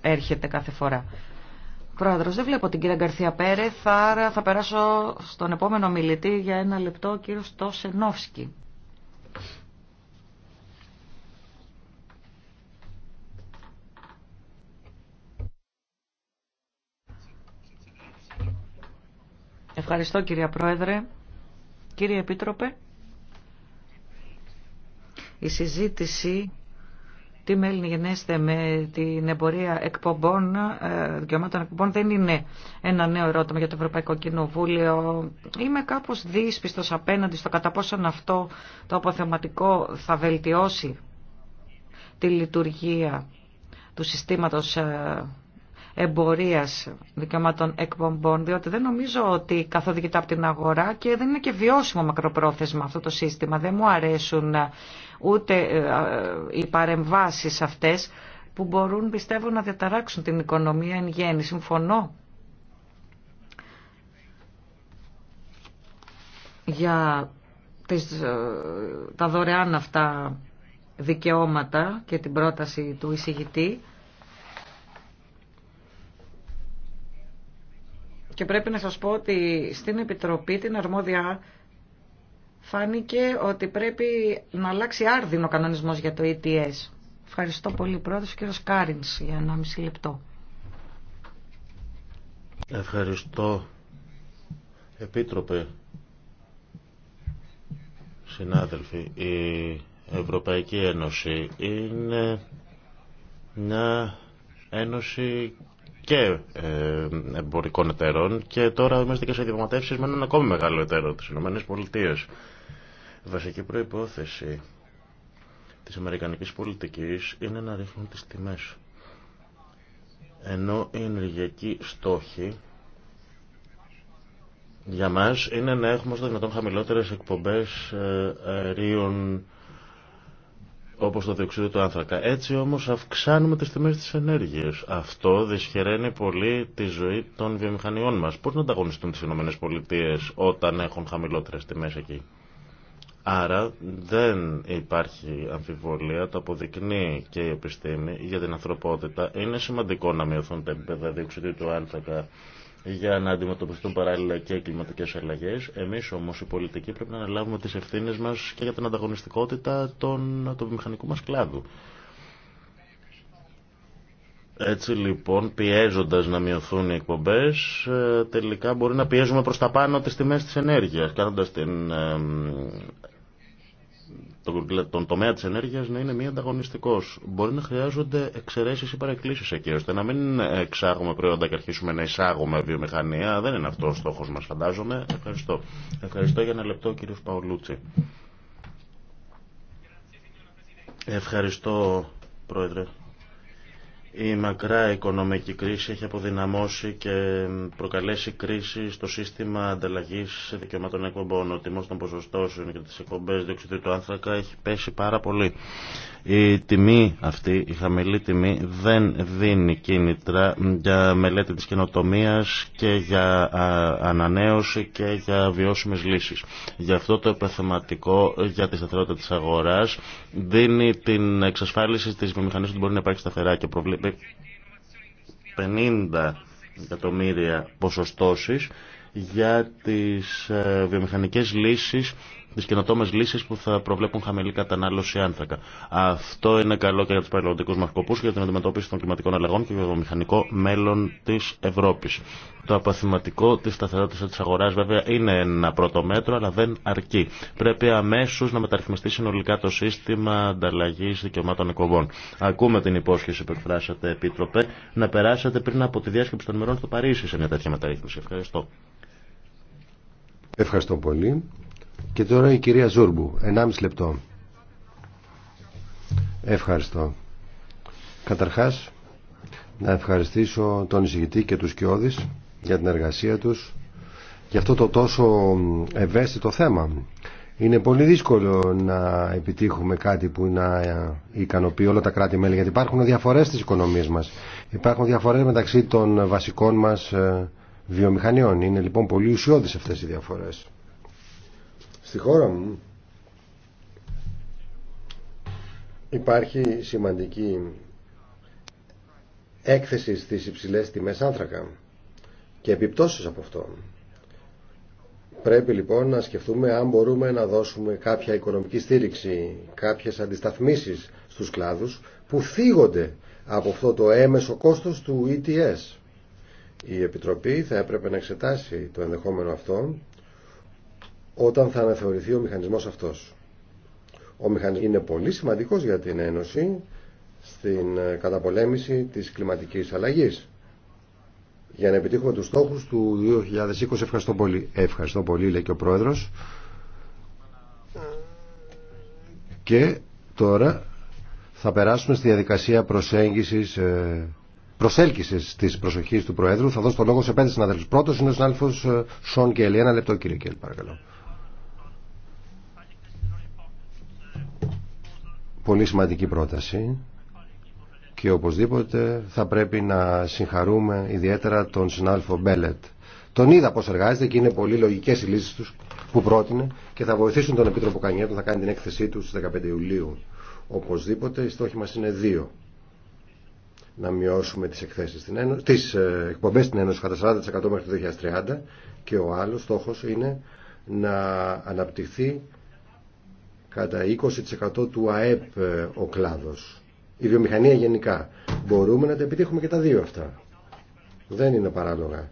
έρχεται κάθε φορά. Πρόεδρος, δεν βλέπω την κυρία Γκαρθία Πέρεθ, άρα θα περάσω στον επόμενο μιλητή για ένα λεπτό, ο κύριος Τόσενόφσκι. Ευχαριστώ κυρία Πρόεδρε. Κύριε Επίτροπε η συζήτηση τι μέλη γενέστε με την εμπορία εκπομπών, ε, δικαιωμάτων εκπομπών δεν είναι ένα νέο ερώτημα για το Ευρωπαϊκό Κοινοβούλιο. Είμαι κάπως δύσπιστος απέναντι στο κατά πόσον αυτό το αποθεωματικό θα βελτιώσει τη λειτουργία του συστήματος ε, εμπορίας δικαιωμάτων εκπομπών, διότι δεν νομίζω ότι καθοδηγητά από την αγορά και δεν είναι και βιώσιμο μακροπρόθεσμα αυτό το σύστημα. Δεν μου αρέσουν ε, ούτε ε, ε, οι παρεμβάσεις αυτές που μπορούν, πιστεύω, να διαταράξουν την οικονομία εν γέννη. Συμφωνώ για τις, τα δωρεάν αυτά δικαιώματα και την πρόταση του εισηγητή. Και πρέπει να σας πω ότι στην Επιτροπή την αρμόδια φάνηκε ότι πρέπει να αλλάξει άρδινο ο κανονισμός για το ETS. Ευχαριστώ πολύ πρόεδρος κύριο Κάρινς για μισή λεπτό. Ευχαριστώ Επίτροπε Συνάδελφοι η Ευρωπαϊκή Ένωση είναι μια ένωση και ε, εμπορικών εταίρων και τώρα είμαστε και σε διαπραγματεύσεις με έναν ακόμη μεγάλο εταίρο, τις ΗΠΑ. Βασική προϋπόθεση της αμερικανικής πολιτικής είναι να ρίχνουν τις τιμές. Ενώ η ενεργειακή στόχη για μας είναι να έχουμε στο δυνατόν χαμηλότερες εκπομπές ε, αερίων όπως το διοξείδιο του άνθρακα. Έτσι όμως αυξάνουμε τις τιμές της ενέργειας. Αυτό δυσχεραίνει πολύ τη ζωή των βιομηχανιών μας. Πώς να ανταγωνιστούν τις ΗΠΑ όταν έχουν χαμηλότερες τιμές εκεί. Άρα δεν υπάρχει αμφιβολία, το αποδεικνύει και η επιστήμη για την ανθρωπότητα. Είναι σημαντικό να μειωθούν τα επίπεδα διοξιδίου του άνθρακα για να αντιμετωπιστούν παράλληλα και οι κλιματικές αλλαγές. Εμείς όμως οι πολιτικοί πρέπει να αναλάβουμε τις ευθύνε μας και για την ανταγωνιστικότητα των, του μηχανικού μας κλάδου. Έτσι λοιπόν, πιέζοντα να μειωθούν οι εκπομπέ, ε, τελικά μπορεί να πιέζουμε προ τα πάνω τις τιμέ τη ενέργεια, κάνοντα την ε, τον τομέα της ενέργειας να είναι μη ανταγωνιστικό. Μπορεί να χρειάζονται εξαιρέσει ή παρεκκλήσει εκεί, ώστε να μην εξάγουμε προϊόντα και αρχίσουμε να εισάγουμε βιομηχανία. Δεν είναι αυτό ο στόχος μας, φαντάζομαι. Ευχαριστώ. Ευχαριστώ για ένα λεπτό, κύριο Παολούτσι. Ευχαριστώ, Πρόεδρε. Η μακρά οικονομική κρίση έχει αποδυναμώσει και προκαλέσει κρίση στο σύστημα ανταλλαγή δικαιωμάτων εκπομπών. Ο τιμό των ποσοστώσεων και τι εκπομπέ διοξιδίου του άνθρακα έχει πέσει πάρα πολύ. Η τιμή αυτή, η χαμηλή τιμή, δεν δίνει κίνητρα για μελέτη τη καινοτομία και για ανανέωση και για βιώσιμε λύσει. Γι' αυτό το επαθεματικό για τη σταθερότητα τη αγορά δίνει την εξασφάλιση τη βιομηχανία ότι μπορεί να υπάρχει σταθερά και προβλήματα 50 εκατομμύρια ποσοστώσεις για τις ε, βιομηχανικές λύσεις τι καινοτόμε λύσει που θα προβλέπουν χαμηλή κατανάλωση άνθρακα. Αυτό είναι καλό και για του περιβαλλοντικού μα σκοπού, για την αντιμετώπιση των κλιματικών αλλαγών και για το μηχανικό μέλλον τη Ευρώπη. Το απαθηματικό τη σταθερότητα τη αγορά βέβαια είναι ένα πρώτο μέτρο, αλλά δεν αρκεί. Πρέπει αμέσω να μεταρρυθμιστεί συνολικά το σύστημα ανταλλαγή δικαιωμάτων εκπομπών. Ακούμε την υπόσχεση που εκφράσατε, Επίτροπε, να περάσετε πριν από τη διάσκεψη των μερών στο Παρίσι σε μια τέτοια μεταρρύθμιση. Ευχαριστώ. Ευχαριστώ πολύ. Και τώρα η κυρία Ζούρμπου, 1,5 λεπτό. Ευχαριστώ. Καταρχάς, να ευχαριστήσω τον εισηγητή και τους Κιώδης για την εργασία τους για αυτό το τόσο ευαίσθητο θέμα. Είναι πολύ δύσκολο να επιτύχουμε κάτι που να ικανοποιεί όλα τα κράτη-μέλη γιατί υπάρχουν διαφορές στις οικονομίες μας. Υπάρχουν διαφορές μεταξύ των βασικών μας ε, βιομηχανιών. Είναι λοιπόν πολύ ουσιώδης αυτές οι διαφορές. Στη χώρα μου υπάρχει σημαντική έκθεση στις υψηλές τιμές άνθρακα και επιπτώσεις από αυτό. Πρέπει λοιπόν να σκεφτούμε αν μπορούμε να δώσουμε κάποια οικονομική στήριξη, κάποιες αντισταθμίσεις στους κλάδους που φύγονται από αυτό το έμεσο κόστος του ETS. Η Επιτροπή θα έπρεπε να εξετάσει το ενδεχόμενο αυτό όταν θα αναθεωρηθεί ο μηχανισμός αυτός. Ο μηχανισμός είναι πολύ σημαντικός για την Ένωση στην ε, καταπολέμηση της κλιματικής αλλαγής για να επιτύχουμε τους στόχους του 2020. Ευχαριστώ πολύ. Ευχαριστώ πολύ, λέει και ο Πρόεδρος. Και τώρα θα περάσουμε στη διαδικασία προσέγγισης, ε, προσέλκυσης της προσοχής του Προέδρου. Θα δώσω το λόγο σε πέντε συναδέλφου. Πρώτο είναι ο συνάδελφο ε, Σον Κέλλη. Ένα λεπτό, κύριε Κέλλη, παρακαλώ. Πολύ σημαντική πρόταση και οπωσδήποτε θα πρέπει να συγχαρούμε ιδιαίτερα τον συνάλφο Μπέλετ. Τον είδα πώ εργάζεται και είναι πολύ λογικέ οι λύσει του που πρότεινε και θα βοηθήσουν τον Επίτροπο Κανιέτο να κάνει την έκθεσή του στις 15 Ιουλίου. Οπωσδήποτε οι στόχοι μα είναι δύο. Να μειώσουμε τι τις ε, εκπομπέ στην Ένωση κατά 40% μέχρι το 2030 και ο άλλο στόχο είναι να αναπτυχθεί κατά 20% του ΑΕΠ ε, ο κλάδος. Η βιομηχανία γενικά. Μπορούμε να τα επιτύχουμε και τα δύο αυτά. Δεν είναι παράλογα.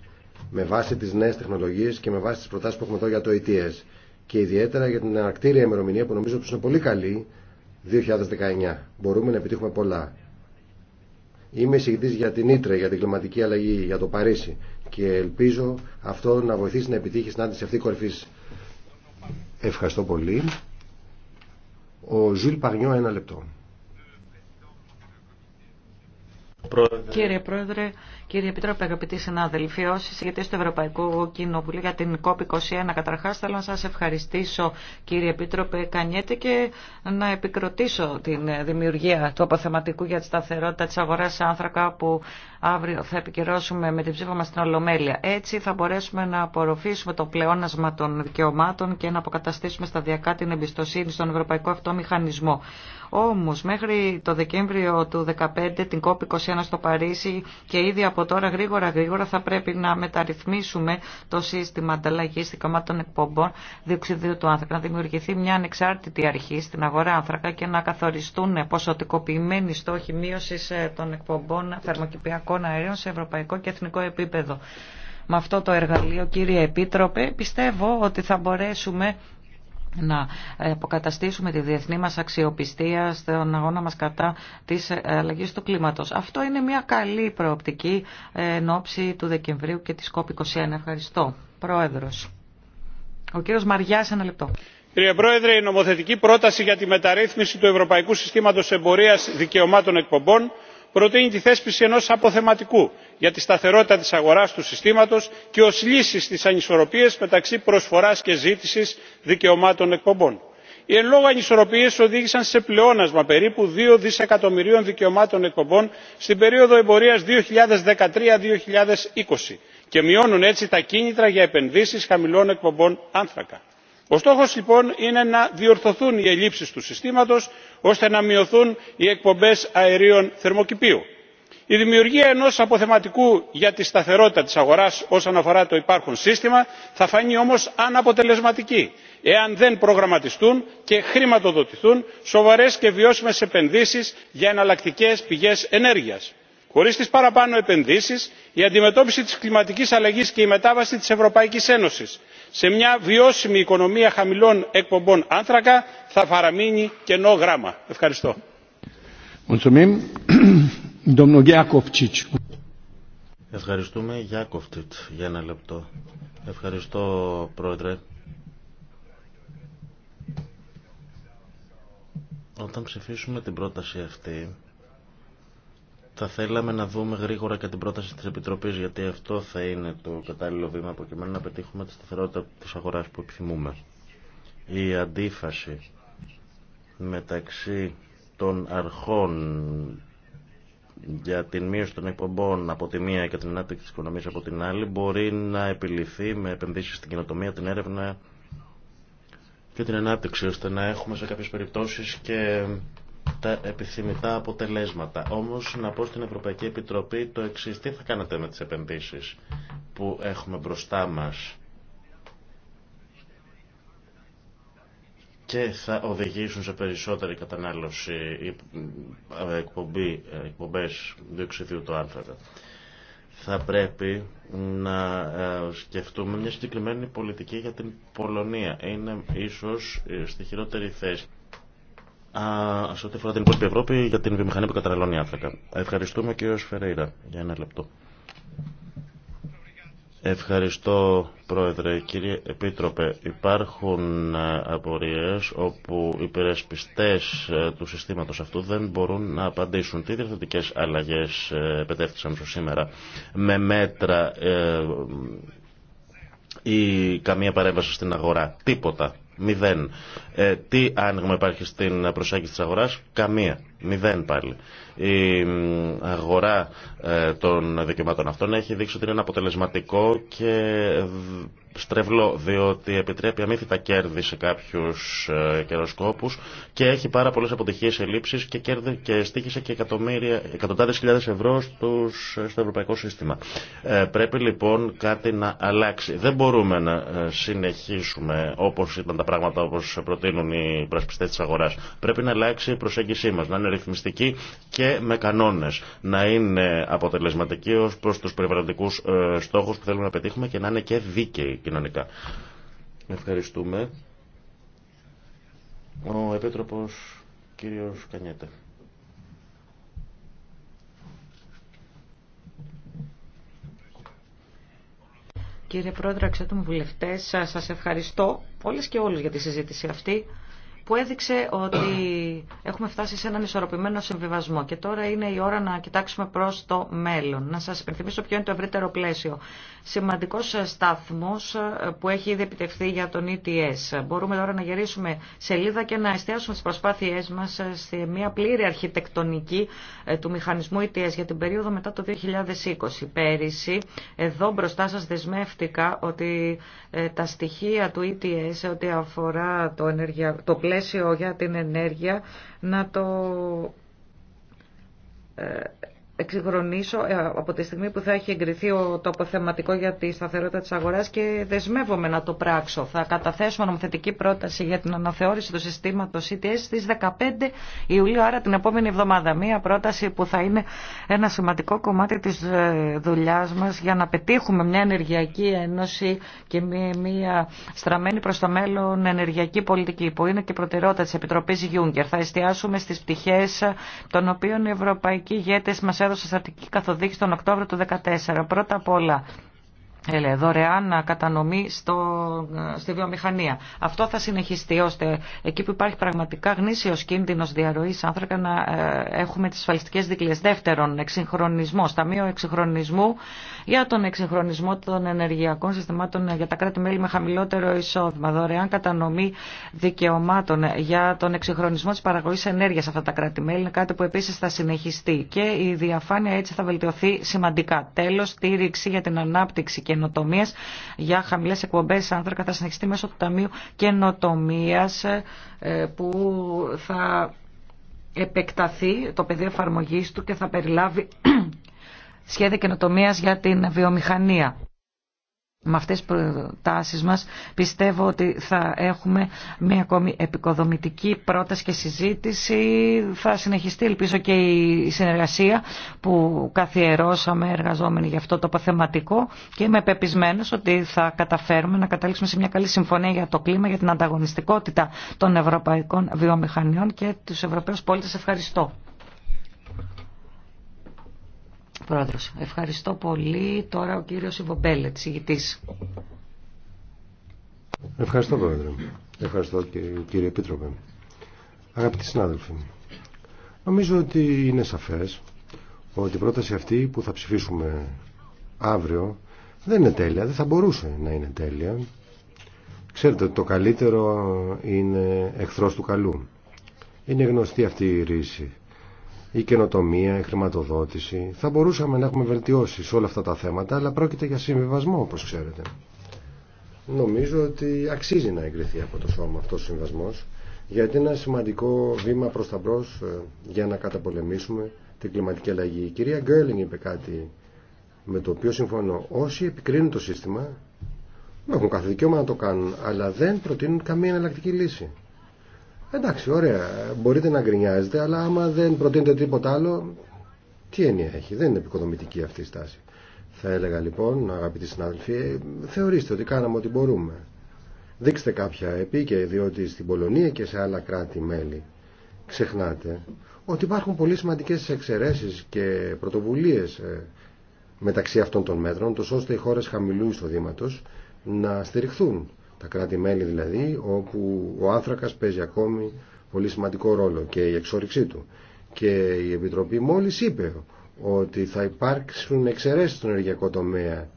Με βάση τις νέες τεχνολογίες και με βάση τις προτάσεις που έχουμε εδώ για το ETS και ιδιαίτερα για την ανακτήρια ημερομηνία που νομίζω ότι είναι πολύ καλή 2019. Μπορούμε να επιτύχουμε πολλά. Είμαι εισηγητή για την Ήτρε, για την κλιματική αλλαγή, για το Παρίσι και ελπίζω αυτό να βοηθήσει να επιτύχει συνάντηση αυτή κορυφή. Ευχαριστώ πολύ. Ο Ζουλ Παρνιό, ένα λεπτό. Πρόεδρε. Κύριε Πρόεδρε, Κύριε Επιτρόπε, αγαπητοί συνάδελφοι, όσοι συζητήσετε του Ευρωπαϊκού Κοινοβουλίου για την COP21, καταρχά θέλω να σα ευχαριστήσω, κύριε Επίτροπε Κανιέτη, και να επικροτήσω την δημιουργία του αποθεματικού για τη σταθερότητα τη αγορά άνθρακα που αύριο θα επικυρώσουμε με την ψήφα μα στην Ολομέλεια. Έτσι θα μπορέσουμε να απορροφήσουμε το πλεόνασμα των δικαιωμάτων και να αποκαταστήσουμε σταδιακά την εμπιστοσύνη στον Ευρωπαϊκό Αυτό Μηχανισμό. Όμω, μέχρι το Δεκέμβριο του 2015, την COP21 στο Παρίσι και ήδη από τώρα γρήγορα γρήγορα θα πρέπει να μεταρρυθμίσουμε το σύστημα ανταλλαγή δικαιωμάτων εκπομπών διοξιδίου του άνθρακα, να δημιουργηθεί μια ανεξάρτητη αρχή στην αγορά άνθρακα και να καθοριστούν ποσοτικοποιημένοι στόχοι μείωση ε, των εκπομπών θερμοκηπιακών αερίων σε ευρωπαϊκό και εθνικό επίπεδο. Με αυτό το εργαλείο, κύριε Επίτροπε, πιστεύω ότι θα μπορέσουμε να ε, αποκαταστήσουμε τη διεθνή μας αξιοπιστία στον αγώνα μας κατά της αλλαγής του κλίματος. Αυτό είναι μια καλή προοπτική ε, εν ώψη του Δεκεμβρίου και της COP21. Ευχαριστώ. Πρόεδρος. Ο κύριος Μαριάς, ένα λεπτό. Κύριε Πρόεδρε, η νομοθετική πρόταση για τη μεταρρύθμιση του Ευρωπαϊκού Συστήματος Εμπορίας Δικαιωμάτων Εκπομπών προτείνει τη θέσπιση ενός αποθεματικού για τη σταθερότητα της αγοράς του συστήματος και ως λύση στις ανισορροπίες μεταξύ προσφοράς και ζήτησης δικαιωμάτων εκπομπών. οι εν λόγω ανισορροπίες οδήγησαν σε πλεόνασμα περίπου δύο δισεκατομμυρίων δικαιωμάτων εκπομπών στην περίοδο εμπορίας δύο 2013-2020 και μειώνουν έτσι τα κίνητρα για επενδύσεις χαμηλών εκπομπών άνθρακα ο στόχος λοιπόν είναι να διορθωθούν οι ελλείψεις του συστήματος ώστε να μειωθούν οι εκπομπές αερίων θερμοκηπίου. η δημιουργία ενός αποθεματικού για τη σταθερότητα της αγοράς όσον αφορά το υπάρχον σύστημα θα φανεί όμως αναποτελεσματική εάν δεν προγραμματιστούν και χρηματοδοτηθούν σοβαρές και βιώσιμες επενδύσεις για εναλλακτικές πηγές ενέργειας. χωρίς τις παραπάνω επενδύσεις η αντιμετώπιση της κλιματικής αλλαγής και η μετάβαση της ευρωπαϊκής ένωσης σε μια βιώσιμη οικονομία χαμηλών εκπομπών άνθρακα θα παραμείνει κενό γράμμα. Ευχαριστώ. Ευχαριστούμε Γιάκοφτιτ για ένα λεπτό. Ευχαριστώ Πρόεδρε. Όταν ψηφίσουμε την πρόταση αυτή θα θέλαμε να δούμε γρήγορα και την πρόταση της Επιτροπής, γιατί αυτό θα είναι το κατάλληλο βήμα προκειμένου να πετύχουμε τη σταθερότητα της αγοράς που επιθυμούμε. Η αντίφαση μεταξύ των αρχών για την μείωση των εκπομπών από τη μία και την ανάπτυξη της οικονομίας από την άλλη μπορεί να επιληθεί με επενδύσεις στην κοινοτομία, την έρευνα και την ανάπτυξη ώστε να έχουμε σε κάποιες περιπτώσεις και τα επιθυμητά αποτελέσματα. Όμως να πω στην Ευρωπαϊκή Επιτροπή το εξή τι θα κάνετε με τις επενδύσεις που έχουμε μπροστά μας και θα οδηγήσουν σε περισσότερη κατανάλωση ε, εκπομπή, ε, εκπομπές διοξιδίου του άνθρακα. Θα πρέπει να ε, σκεφτούμε μια συγκεκριμένη πολιτική για την Πολωνία. Είναι ίσως στη χειρότερη θέση σε ό,τι αφορά την υπόλοιπη Ευρώπη για την βιομηχανία που καταναλώνει η άνθρακα. Ευχαριστούμε ο Σφερέιρα για ένα λεπτό. Ευχαριστώ Πρόεδρε. Κύριε Επίτροπε, υπάρχουν ε, απορίες όπου οι περασπιστές ε, του συστήματος αυτού δεν μπορούν να απαντήσουν. Τι διευθυντικές αλλαγές ε, επετέφθησαν σήμερα με μέτρα ή καμία παρέμβαση στην αγορά. Τίποτα. Μηδέν. Ε, τι άνοιγμα υπάρχει στην προσέγγιση της αγοράς. Καμία. Μηδέν πάλι. Η αγορά ε, των δικαιωμάτων αυτών έχει δείξει ότι είναι αποτελεσματικό και στρεβλό, διότι επιτρέπει αμύθιτα κέρδη σε κάποιους ε, καιροσκόπου και έχει πάρα πολλές αποτυχίες ελλείψεις και, και στήχησε και εκατοντάδε εκατοντάδες χιλιάδες ευρώ στους, στο ευρωπαϊκό σύστημα. Ε, πρέπει λοιπόν κάτι να αλλάξει. Δεν μπορούμε να ε, συνεχίσουμε όπως ήταν τα πράγματα όπως προτείνουν οι πρασπιστές της αγοράς. Πρέπει να αλλάξει η προσέγγισή μας, να είναι ρυθμιστική και με κανόνε. Να είναι αποτελεσματική ω προ του περιβαλλοντικού ε, στόχου που θέλουμε να πετύχουμε και να είναι και δίκαιοι κοινωνικά. Ευχαριστούμε. Ο Επίτροπος κύριος Κανιέτα. Κύριε Πρόεδρε, αξιότιμοι βουλευτές, σας ευχαριστώ όλες και όλους για τη συζήτηση αυτή που έδειξε ότι έχουμε φτάσει σε έναν ισορροπημένο συμβιβασμό και τώρα είναι η ώρα να κοιτάξουμε προς το μέλλον. Να σας υπενθυμίσω ποιο είναι το ευρύτερο πλαίσιο. Σημαντικός στάθμος ε, που έχει ήδη επιτευχθεί για τον ETS. Μπορούμε τώρα να γυρίσουμε σελίδα και να εστιάσουμε τις προσπάθειές μας ε, σε μια πλήρη αρχιτεκτονική ε, του μηχανισμού ETS για την περίοδο μετά το 2020. Πέρυσι, εδώ μπροστά σας δεσμεύτηκα ότι τα στοιχεία του ETS, ό,τι αφορά το, ενεργεια... το πλαίσιο πλαίσιο για την ενέργεια να το ε, εξυγχρονίσω ε, από τη στιγμή που θα έχει εγκριθεί το αποθεματικό για τη σταθερότητα της αγοράς και δεσμεύομαι να το πράξω. Θα καταθέσω νομοθετική πρόταση για την αναθεώρηση του συστήματος ETS στις 15 Ιουλίου, άρα την επόμενη εβδομάδα. Μία πρόταση που θα είναι ένα σημαντικό κομμάτι της ε, δουλειά μας για να πετύχουμε μια ενεργειακή ένωση και μια στραμμένη προς το μέλλον ενεργειακή πολιτική που είναι και προτεραιότητα της Επιτροπής Γιούγκερ. Θα εστιάσουμε στις πτυχές των οποίων οι ευρωπαϊκοί μας έδωσαν σε καθοδήγηση τον Οκτώβριο του 2014. Πρώτα απ' όλα Έλε, δωρεάν κατανομή στο, ε, στη βιομηχανία. Αυτό θα συνεχιστεί ώστε εκεί που υπάρχει πραγματικά γνήσιος κίνδυνος διαρροής άνθρακα να ε, έχουμε τις ασφαλιστικές δικλείες. Δεύτερον, εξυγχρονισμός, ταμείο εξυγχρονισμού για τον εξυγχρονισμό των ενεργειακών συστημάτων για τα κράτη-μέλη με χαμηλότερο εισόδημα, δωρεάν κατανομή δικαιωμάτων για τον εξυγχρονισμό τη παραγωγή ενέργεια σε αυτά τα κράτη-μέλη, είναι κάτι που επίση θα συνεχιστεί και η διαφάνεια έτσι θα βελτιωθεί σημαντικά. Τέλο, στήριξη για την ανάπτυξη καινοτομία για χαμηλέ εκπομπέ άνθρακα θα συνεχιστεί μέσω του Ταμείου Καινοτομία ε, που θα επεκταθεί το πεδίο εφαρμογή του και θα περιλάβει σχέδια καινοτομία για την βιομηχανία. Με αυτές τις προτάσεις μας πιστεύω ότι θα έχουμε μια ακόμη επικοδομητική πρόταση και συζήτηση. Θα συνεχιστεί ελπίζω και η συνεργασία που καθιερώσαμε εργαζόμενοι για αυτό το αποθεματικό και είμαι πεπισμένος ότι θα καταφέρουμε να καταλήξουμε σε μια καλή συμφωνία για το κλίμα, για την ανταγωνιστικότητα των ευρωπαϊκών βιομηχανιών και τους ευρωπαίους πολίτες. Ευχαριστώ. Πρόεδρος, ευχαριστώ πολύ. Τώρα ο κύριος Ιβομπέλε, ηγητής. Ευχαριστώ, Πρόεδρε. Ευχαριστώ και κύριε Επίτροπε. Αγαπητοί συνάδελφοι, νομίζω ότι είναι σαφές ότι η πρόταση αυτή που θα ψηφίσουμε αύριο δεν είναι τέλεια, δεν θα μπορούσε να είναι τέλεια. Ξέρετε ότι το καλύτερο είναι εχθρός του καλού. Είναι γνωστή αυτή η ρίση η καινοτομία, η χρηματοδότηση. Θα μπορούσαμε να έχουμε βελτιώσει σε όλα αυτά τα θέματα, αλλά πρόκειται για συμβιβασμό, όπω ξέρετε. Νομίζω ότι αξίζει να εγκριθεί από το σώμα αυτό ο συμβασμός, γιατί είναι ένα σημαντικό βήμα προ τα μπρο ε, για να καταπολεμήσουμε την κλιματική αλλαγή. Η κυρία Γκέρλινγκ είπε κάτι με το οποίο συμφωνώ. Όσοι επικρίνουν το σύστημα, έχουν κάθε δικαίωμα να το κάνουν, αλλά δεν προτείνουν καμία εναλλακτική λύση. Εντάξει, ωραία, μπορείτε να γκρινιάζετε, αλλά άμα δεν προτείνετε τίποτα άλλο, τι έννοια έχει. Δεν είναι επικοδομητική αυτή η στάση. Θα έλεγα λοιπόν, αγαπητοί συνάδελφοι, θεωρήστε ότι κάναμε ό,τι μπορούμε. Δείξτε κάποια επίκαια, διότι στην Πολωνία και σε άλλα κράτη-μέλη ξεχνάτε ότι υπάρχουν πολύ σημαντικές εξαιρέσεις και πρωτοβουλίες ε, μεταξύ αυτών των μέτρων, τόσο ώστε οι χώρες χαμηλού εισοδήματος να στηριχθούν τα κράτη-μέλη δηλαδή, όπου ο άνθρακας παίζει ακόμη πολύ σημαντικό ρόλο και η εξόριξή του. Και η Επιτροπή μόλις είπε ότι θα υπάρξουν εξαιρέσεις στον ενεργειακό τομέα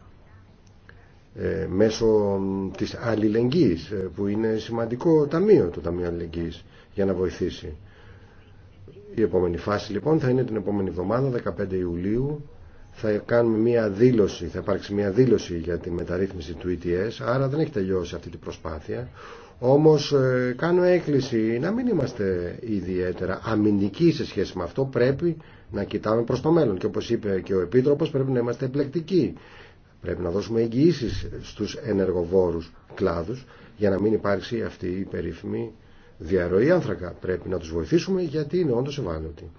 ε, μέσω της αλληλεγγύης ε, που είναι σημαντικό ταμείο το Ταμείο Αλληλεγγύης για να βοηθήσει. Η επόμενη φάση λοιπόν θα είναι την επόμενη εβδομάδα 15 Ιουλίου θα κάνουμε μια δήλωση, θα υπάρξει μια δήλωση για τη μεταρρύθμιση του ETS, άρα δεν έχει τελειώσει αυτή την προσπάθεια. Όμως ε, κάνω έκκληση να μην είμαστε ιδιαίτερα αμυντικοί σε σχέση με αυτό, πρέπει να κοιτάμε προς το μέλλον και όπως είπε και ο Επίτροπος πρέπει να είμαστε επλεκτικοί. Πρέπει να δώσουμε εγγυήσεις στους ενεργοβόρους κλάδους για να μην υπάρξει αυτή η περίφημη διαρροή άνθρακα. Πρέπει να τους βοηθήσουμε γιατί είναι όντως ευάλωτοι.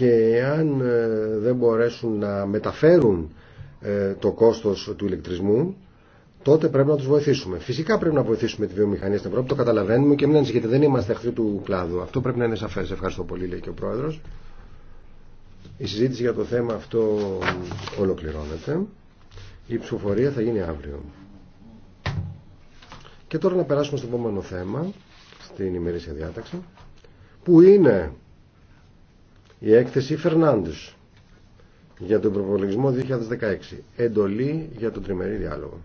και εάν ε, δεν μπορέσουν να μεταφέρουν ε, το κόστος του ηλεκτρισμού τότε πρέπει να τους βοηθήσουμε. Φυσικά πρέπει να βοηθήσουμε τη βιομηχανία στην Ευρώπη, το καταλαβαίνουμε και μην ανησυχείτε, δεν είμαστε εχθροί του κλάδου. Αυτό πρέπει να είναι σαφές. Ευχαριστώ πολύ, λέει και ο Πρόεδρος. Η συζήτηση για το θέμα αυτό ολοκληρώνεται. Η ψηφοφορία θα γίνει αύριο. Και τώρα να περάσουμε στο επόμενο θέμα, στην ημερήσια διάταξη, που είναι η έκθεση Φερνάντες για τον προπολογισμό 2016. Εντολή για τον τριμερή διάλογο.